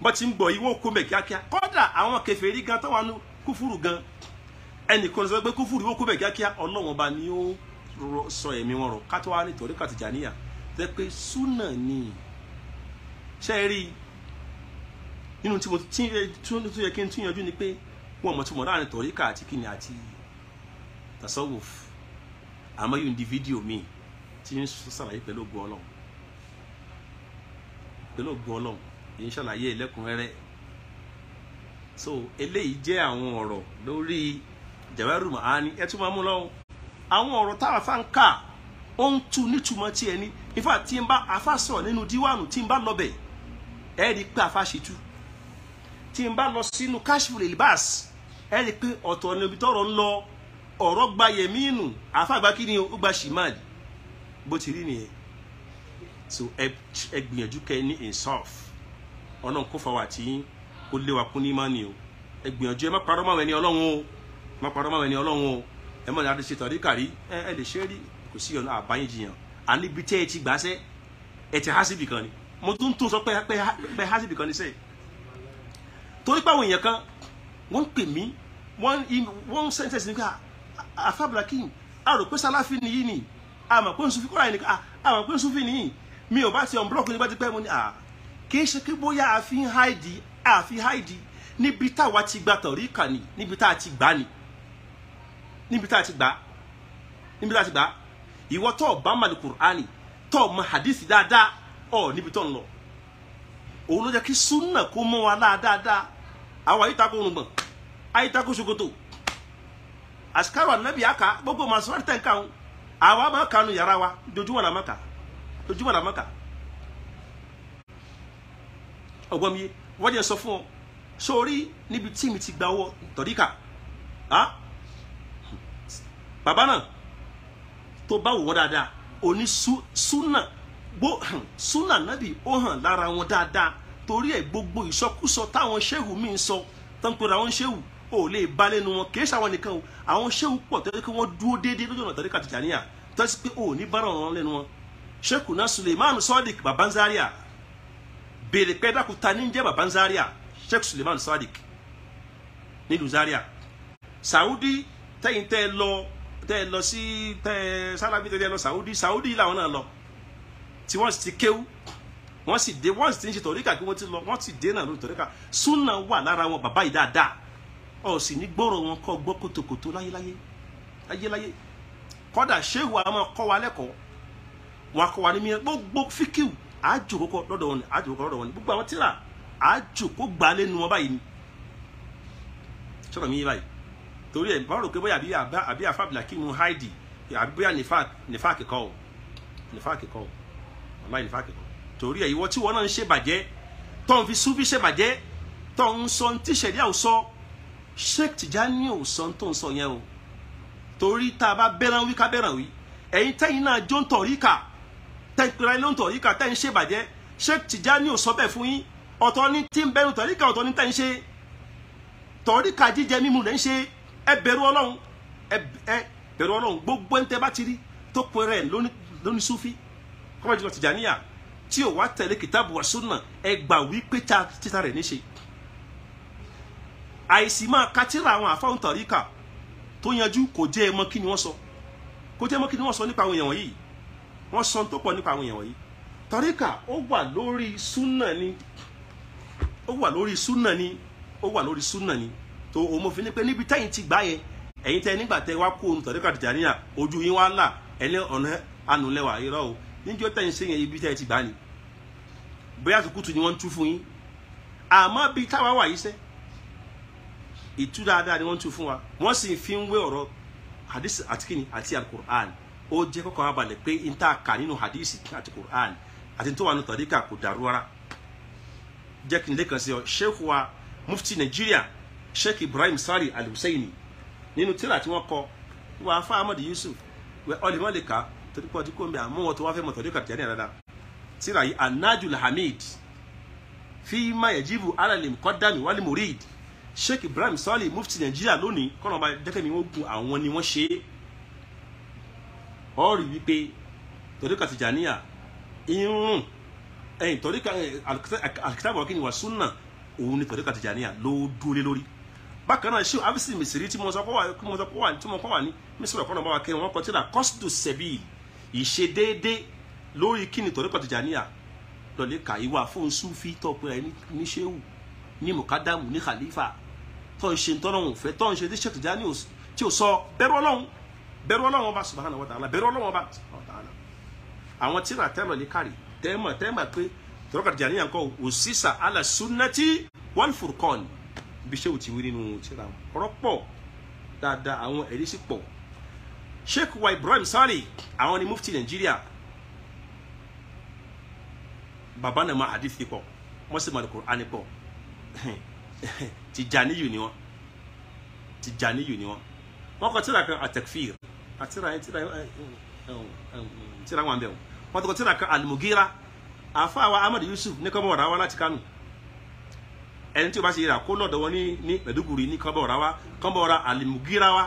bọ́n ti ń bọ̀ yìí wọ́n kó mẹ́ kíákíá kọ́dà àwọn kèfèrí gan tó wà nù kúfúrú gan ẹnìkan sọ pé kúfúrú wọ́n kó mẹ́ kíákíá ọlọ́wọ́n ba ni ó sọ ẹ̀mí wọn rọ̀ kátó wá nítorí kàtìjàníyà tẹ́ pé súnà ni ṣe é rí nínú tí mo ti yẹ kí n tún yanjú ni pé wọn mọ̀ tí mo láàrin tọ̀ríkà àti kíni àti tasawuf àmọ́ yóò di fídíò míì tí ń sàlàyé pẹ̀lú ògùn ọlọ́run pẹ̀lú ògùn ọlọ́run èyí ṣàlàyé ẹlẹ́kùnrẹ́rẹ́ so eléyìí jẹ́ àwọn ọ̀rọ̀ lórí jawaru mahani ẹ tún máa mú lọ́wọ́ àwọn ọ̀rọ̀ táwọn afá ń kà ó ń tu nítumọ̀ tiẹ̀ ní ifá tí ń bá afá sọ̀rọ̀ nínú díwáànù tí ń bá lọ́bẹ̀ ẹ rí i pé afá ṣe tú tí ń bá lọ sínú kashful ilbas ẹ rí i pé ọ̀tọ̀ ni ibi tọ́rọ̀ ń lọ ọ̀rọ̀ gba yẹ̀mínú afá gba kí ni ó gba shimali bó ti rí nìyẹn so ẹ gbìyànjú kẹ ní insaf ọ̀nà kó fa wà tí ó léwa kún ní mánì o ẹ gbìyànjú ẹ má parọ́ máwọn ẹni ọlọ́run o má parọ́ máwọn ẹni ọlọ́run o ẹ mọ̀ ní adé ṣe tọ̀rí kàrí ẹ ẹ lè ṣe é rí kò sí ọ̀nà àbáyé jiyàn à níbi tẹ́ ẹ ti gbà sẹ́ ẹ ti há síbì kan ni mo tún tún sọ pé pé há síbì kan ni sẹ́ẹ̀ torí pé àwọn èèyàn kan wọ́n ń pè mí wọ́n ń sẹ́ńtẹ̀sì nípa àfàbùlákìm a rò pé sáláfì nìyí ni àmọ̀ pé ń sunfi kọ́ra yìí ni àmọ̀ pé ń sunfi nìyí mi ò bá ti ọ̀n búlọ̀kù nígbà tí pẹ́ mo ní à ah, kì í ṣe pé bóyá a fi ń háìdì a fi háìdì níbi táwa ti gba tọ̀ríkà ni níbi tá a ti gbà ni níbi tá a ti gbà níbi tá a ti gbà ìwọ tó bá màlì kùránì tó mọ hadisi dáadáa ọ níbi tó ń lọ òun ló jẹ́ kí súnà kó mọ́ wa dáadáa àwọn àyítakò òrùngbọ̀n àyítakò ṣòkòtò àṣìkárò ànábì àká gbogbo màsúwárì tẹ̀ ń kà àwa máa kanu yàrá wa dojúmọ̀ làmọ́ka dojúmọ̀ làmọ́ka ọgbọ́n mi wọ́n jẹ́ sọ fún ọ sórí níbi tí mi ti gba owó tọ́díkà bàbá náà tó bá wò wọ́n dáadáa òní súnà gbó súnà nábì ó hàn lára wọn dáadáa torí ẹ̀ gbogbo ìsọkúsọ táwọn ṣéwù mi ń sọ tó ń pera wọn ṣéwù ò lè bá lẹ́nu wọn kì í ṣàwọn nìkan o àwọn ṣéwù pọ̀ tẹ́lẹ̀ kí wọ́n dúró déédéé lójú ọ̀nà tọ́díkà Tìjàníyà tẹ́sí pé ò ní bára ọ̀rọ̀ lẹ́nu wọn ṣékù Suleiman Sodiq bàbá ń Zaria béèrè pé dákun ta ní jẹ́ bàbá ń Zaria Sheikh Suleiman Sadiq nílùú Zaria Saudi tẹ́yìn tẹ́ ẹ lọ tẹ́ ẹ lọ sí tẹ́ ẹ sálábí tẹ́ ẹ lọ Saudi Saudi làwọn náà lọ tí wọ́n ti kéwú wọ́n sì dé wọ́n sì ti ń ṣe tọ̀ríkà kí wọ́n ti lọ wọ́n sì dé náà lórí tọ̀ríkà súnà wà lára wọn bàbá yìí dáadáa ọ̀ sì ní gbọ́rọ̀ wọn kọ́ gbọ́ kótókótó láyéláyé láyéláyé kọ́dà ṣéwù àwọn ọmọ wa lẹ́kọ̀ọ́ wọn kọ́ wa ní mìíràn gbogbo fíkìwù àjòkókò lọ́dọ̀ wọn ni àjòkókò lọ́dọ̀ wọn ni gbogbo àwọn tíra àjòkó gbà lẹ́nu wọn báyìí ni sọ̀rọ̀ mi yé báyìí torí ẹ̀ báwo rò pé bóyá àbí àfàbìlà kí mu háìdì àbí bóyá nìfà kẹkọ o nìfà kẹkọ o wàláì nìfà kẹkọ torí ẹ̀ ìwọ tí wọn náà ń ṣèbàjẹ́ tó ń fi súnfí ṣèbàjẹ́ tó ń sọ ní tíṣẹ̀dí àwùsọ Sheikh Tijani ò sọ tó ń sọ yẹn o torí tá a bá bẹ́ràn wí ká bẹ́ràn wí ẹ̀yin tẹ́yìn náà jó ń tọ̀ ríkà tẹ́ pera ilé ń tọ̀ríkà tẹ́ ń ṣe ìbàjẹ́ Sheikh Tijani ò sọ bẹ́ẹ̀ fún yín ọ̀tọ̀ ni tí ń bẹnu tọ̀ríkà ọ̀tọ̀ ni tẹ́ ń ṣe tọ̀ríkà jíjẹ mímu rẹ̀ ń ṣe ẹ bẹ̀rù ọlọ́run ẹ bẹ̀rù ọlọ́run gbogbo ń tẹ́ bá ti rí tó pe rẹ̀ lóní sufi kọ́mọ̀jì kan Tijaniya tí ò wá tẹ̀lé kìtàbù wa sunna ẹ gbà wí pé títa rẹ̀ níṣe àìsí máa katira àwọn àfáwọn tọ̀ríkà tó yanjú kò jẹ́ ẹ mọ̀ kí ni wọ́n sọ kò jẹ́ ẹ kí ni wọ́n sọ nípa àwọn èèyàn wọ̀nyí wọ́n sọ tó pọ̀ nípa àwọn èèyàn wọ̀nyí tọ́ríkà ó wà lórí súnà ni ó wà lórí súnà ni ó wà lórí súnà ni tó o mo fi ní pé níbi tẹ́yìn ti gbá yẹn ẹ̀yin tẹ́ nígbà tẹ́ wá kó ohun tọ́ríkà Tìjàníyà ojú yín wá là ẹni ọ̀nà ànulẹ̀wà irọ́ o níjọ́ tẹ́yìn sí ibi tẹ́yìn ti gbá ni bóyá àtúkùtù ni wọ́n ń tú fún yín àmọ́ bíi táwa wà yìí sẹ́ ìtú dáadáa ni wọ́n ń tú fún wa wọ́n sì fi ń wé ọ̀rọ̀ hadith àti kìnnì àti ó jẹ́ kọ́kọ́ wa balẹ̀ pé n tá kà nínú hadisi àti Qur'an àti tó wà nínú tọ́díkà kò dàrú rárá jẹ́ kí n lẹ́kàn sí ọ sheikh wa mufti Nàìjíríà sheikh Ibrahim Sari Al-Husseini nínú tírà tí wọ́n kọ wà á fa Ahmad Yusuf wẹ ọlẹ́mọ́ lè kà torí pé ọdún kò ń bẹ àmọ́ wọn tó wá fẹ́ mọ̀ tọ́díkà tìyàní àdáda tírà yìí Anajul Hamid fi ma yajibu ala lè kọ́ murid sheikh Ibrahim Sari mufti Nàìjíríà lónìí kọ́nà ọba dẹ́kẹ́mi wọ́n gun àwọn ni wọ́n ṣe é ọ rí wípé tọ́ríkà tìjàníyà irun ẹ̀yìn tọ́ríkà àkìtàbọ̀ kí ni wà súnà òun ni tọ́ríkà tìjàníyà ló dúró lórí bákan náà ṣé abisi misiri tí mo sọ pọ́wà tí mo sọ pọ́wà tí mo pọ́wà ní mísírì ọ̀pọ̀nà bá wa kẹrin wọn kọ tí ra kọ́sìtò sẹ̀bì ìṣedéédé lórí kí ni tọ́ríkà tìjàníyà lọ́lẹ́ kà ìwà fún sufi tọ́pẹ́ ẹ̀ ní ṣéwù ní mùkádàmù ní khalifa tó ń ṣe tọ́lọ́hùn fẹ́ tó ń ṣe tí ṣètìjáni tí ò sọ bẹ́rù ọlọ́hùn bẹ̀rù ọlọ́run ọba subhanahu wa ta'ala bẹ̀rù ọlọ́run ọba subhanahu wa ta'ala àwọn tí ra tẹ́lọ̀ ní kárì tẹ́mọ̀ tẹ́mọ̀ pé tọ́lọ́kà Tijaniya ńkọ́ òṣìṣà ala sunnati wal furqan bí sẹ́wù ti wí nínú tíra ọ̀rọ̀ pọ̀ dáadáa àwọn ẹ̀rí pọ̀ Sheikh wa Ibrahim Sali àwọn ni mufti Nàìjíríà bàbá náà máa hadith pọ̀ wọ́n sì máa lè Kùránì pọ̀ Tijaniyu ni wọ́n Tijaniyu ni wọ́n wọ́n kọ tíra kan at atira atira eh, eh, eh, atira wọn bẹ o wọn tọkọ tira alimugira àfa wa Ahmad Yusuf ní kọ́mọ̀ ọ̀rá wa láti Kánò ẹni tí o bá ṣe yẹra kó lọ́dọ̀ wọn ní ní ní kọ́mọ̀ ọ̀rá kọ́mọ̀ ọ̀rá alimugira wa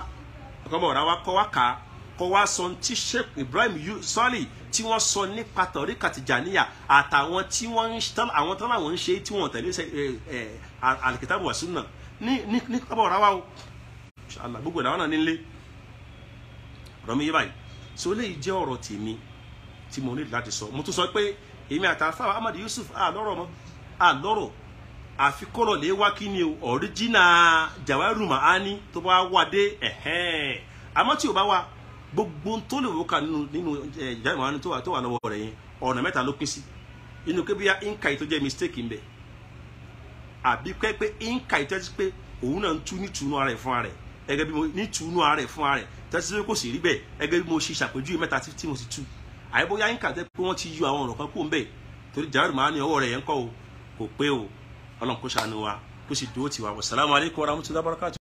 kọ́mọ̀ ọ̀rá wa kọ́ wa kà á kọ́ wa sọ ti Sheikh Ibrahim Sali tí wọ́n sọ nípa tọ̀rí kàtìjàníyà àtàwọn tí wọ́n ń tán àwọn tán làwọn ń ṣe tí wọ́n tẹ̀lé alikitabu wa sunna ní ní kọ́mọ̀ ọ̀rá wa o gbogbo ìdáwọ́ náà nílé rọmi yé báyìí so eléyìí jẹ́ ọ̀rọ̀ tèmi tí mo nílò láti sọ mo tún sọ pé èmi àtàfà Ahmad Yusuf a lọ́rọ̀ mọ́ a lọ́rọ̀ àfikọ́rọ̀ lè wá kí ni o ọ̀ríjìnà Jawaru Maani tó bá wà dé ẹ̀hẹ́n àmọ́ tí gbogbo tó lè wò ká nínú nínú Jawaru Maani tó wà lọ́wọ́ rẹ̀ yẹn ọ̀nà mẹ́ta ló pín sí inú pé tó jẹ́ mistake àbí pé pé tó jẹ́ pé òun náà gẹ́gẹ́ bí mo ní tùnú ara rẹ̀ fún ara rẹ̀ tẹ́tí pé kò sì rí bẹ́ẹ̀ gẹ́gẹ́ bí mo ṣe ṣàpèjúwe mẹ́ta tí mo sì tú àyẹ̀bóyá ń kà tẹ́ pé wọ́n ti yọ àwọn ọ̀rọ̀ kan kó ń bẹ̀ torí jàrú màá ní ọwọ́ rẹ̀ yẹn kọ́ o kò pé o ọlọ́run kó ṣàánú wa kó sì dúró tiwa wàsálàmù aleykum warahmatullahi wabarakatuh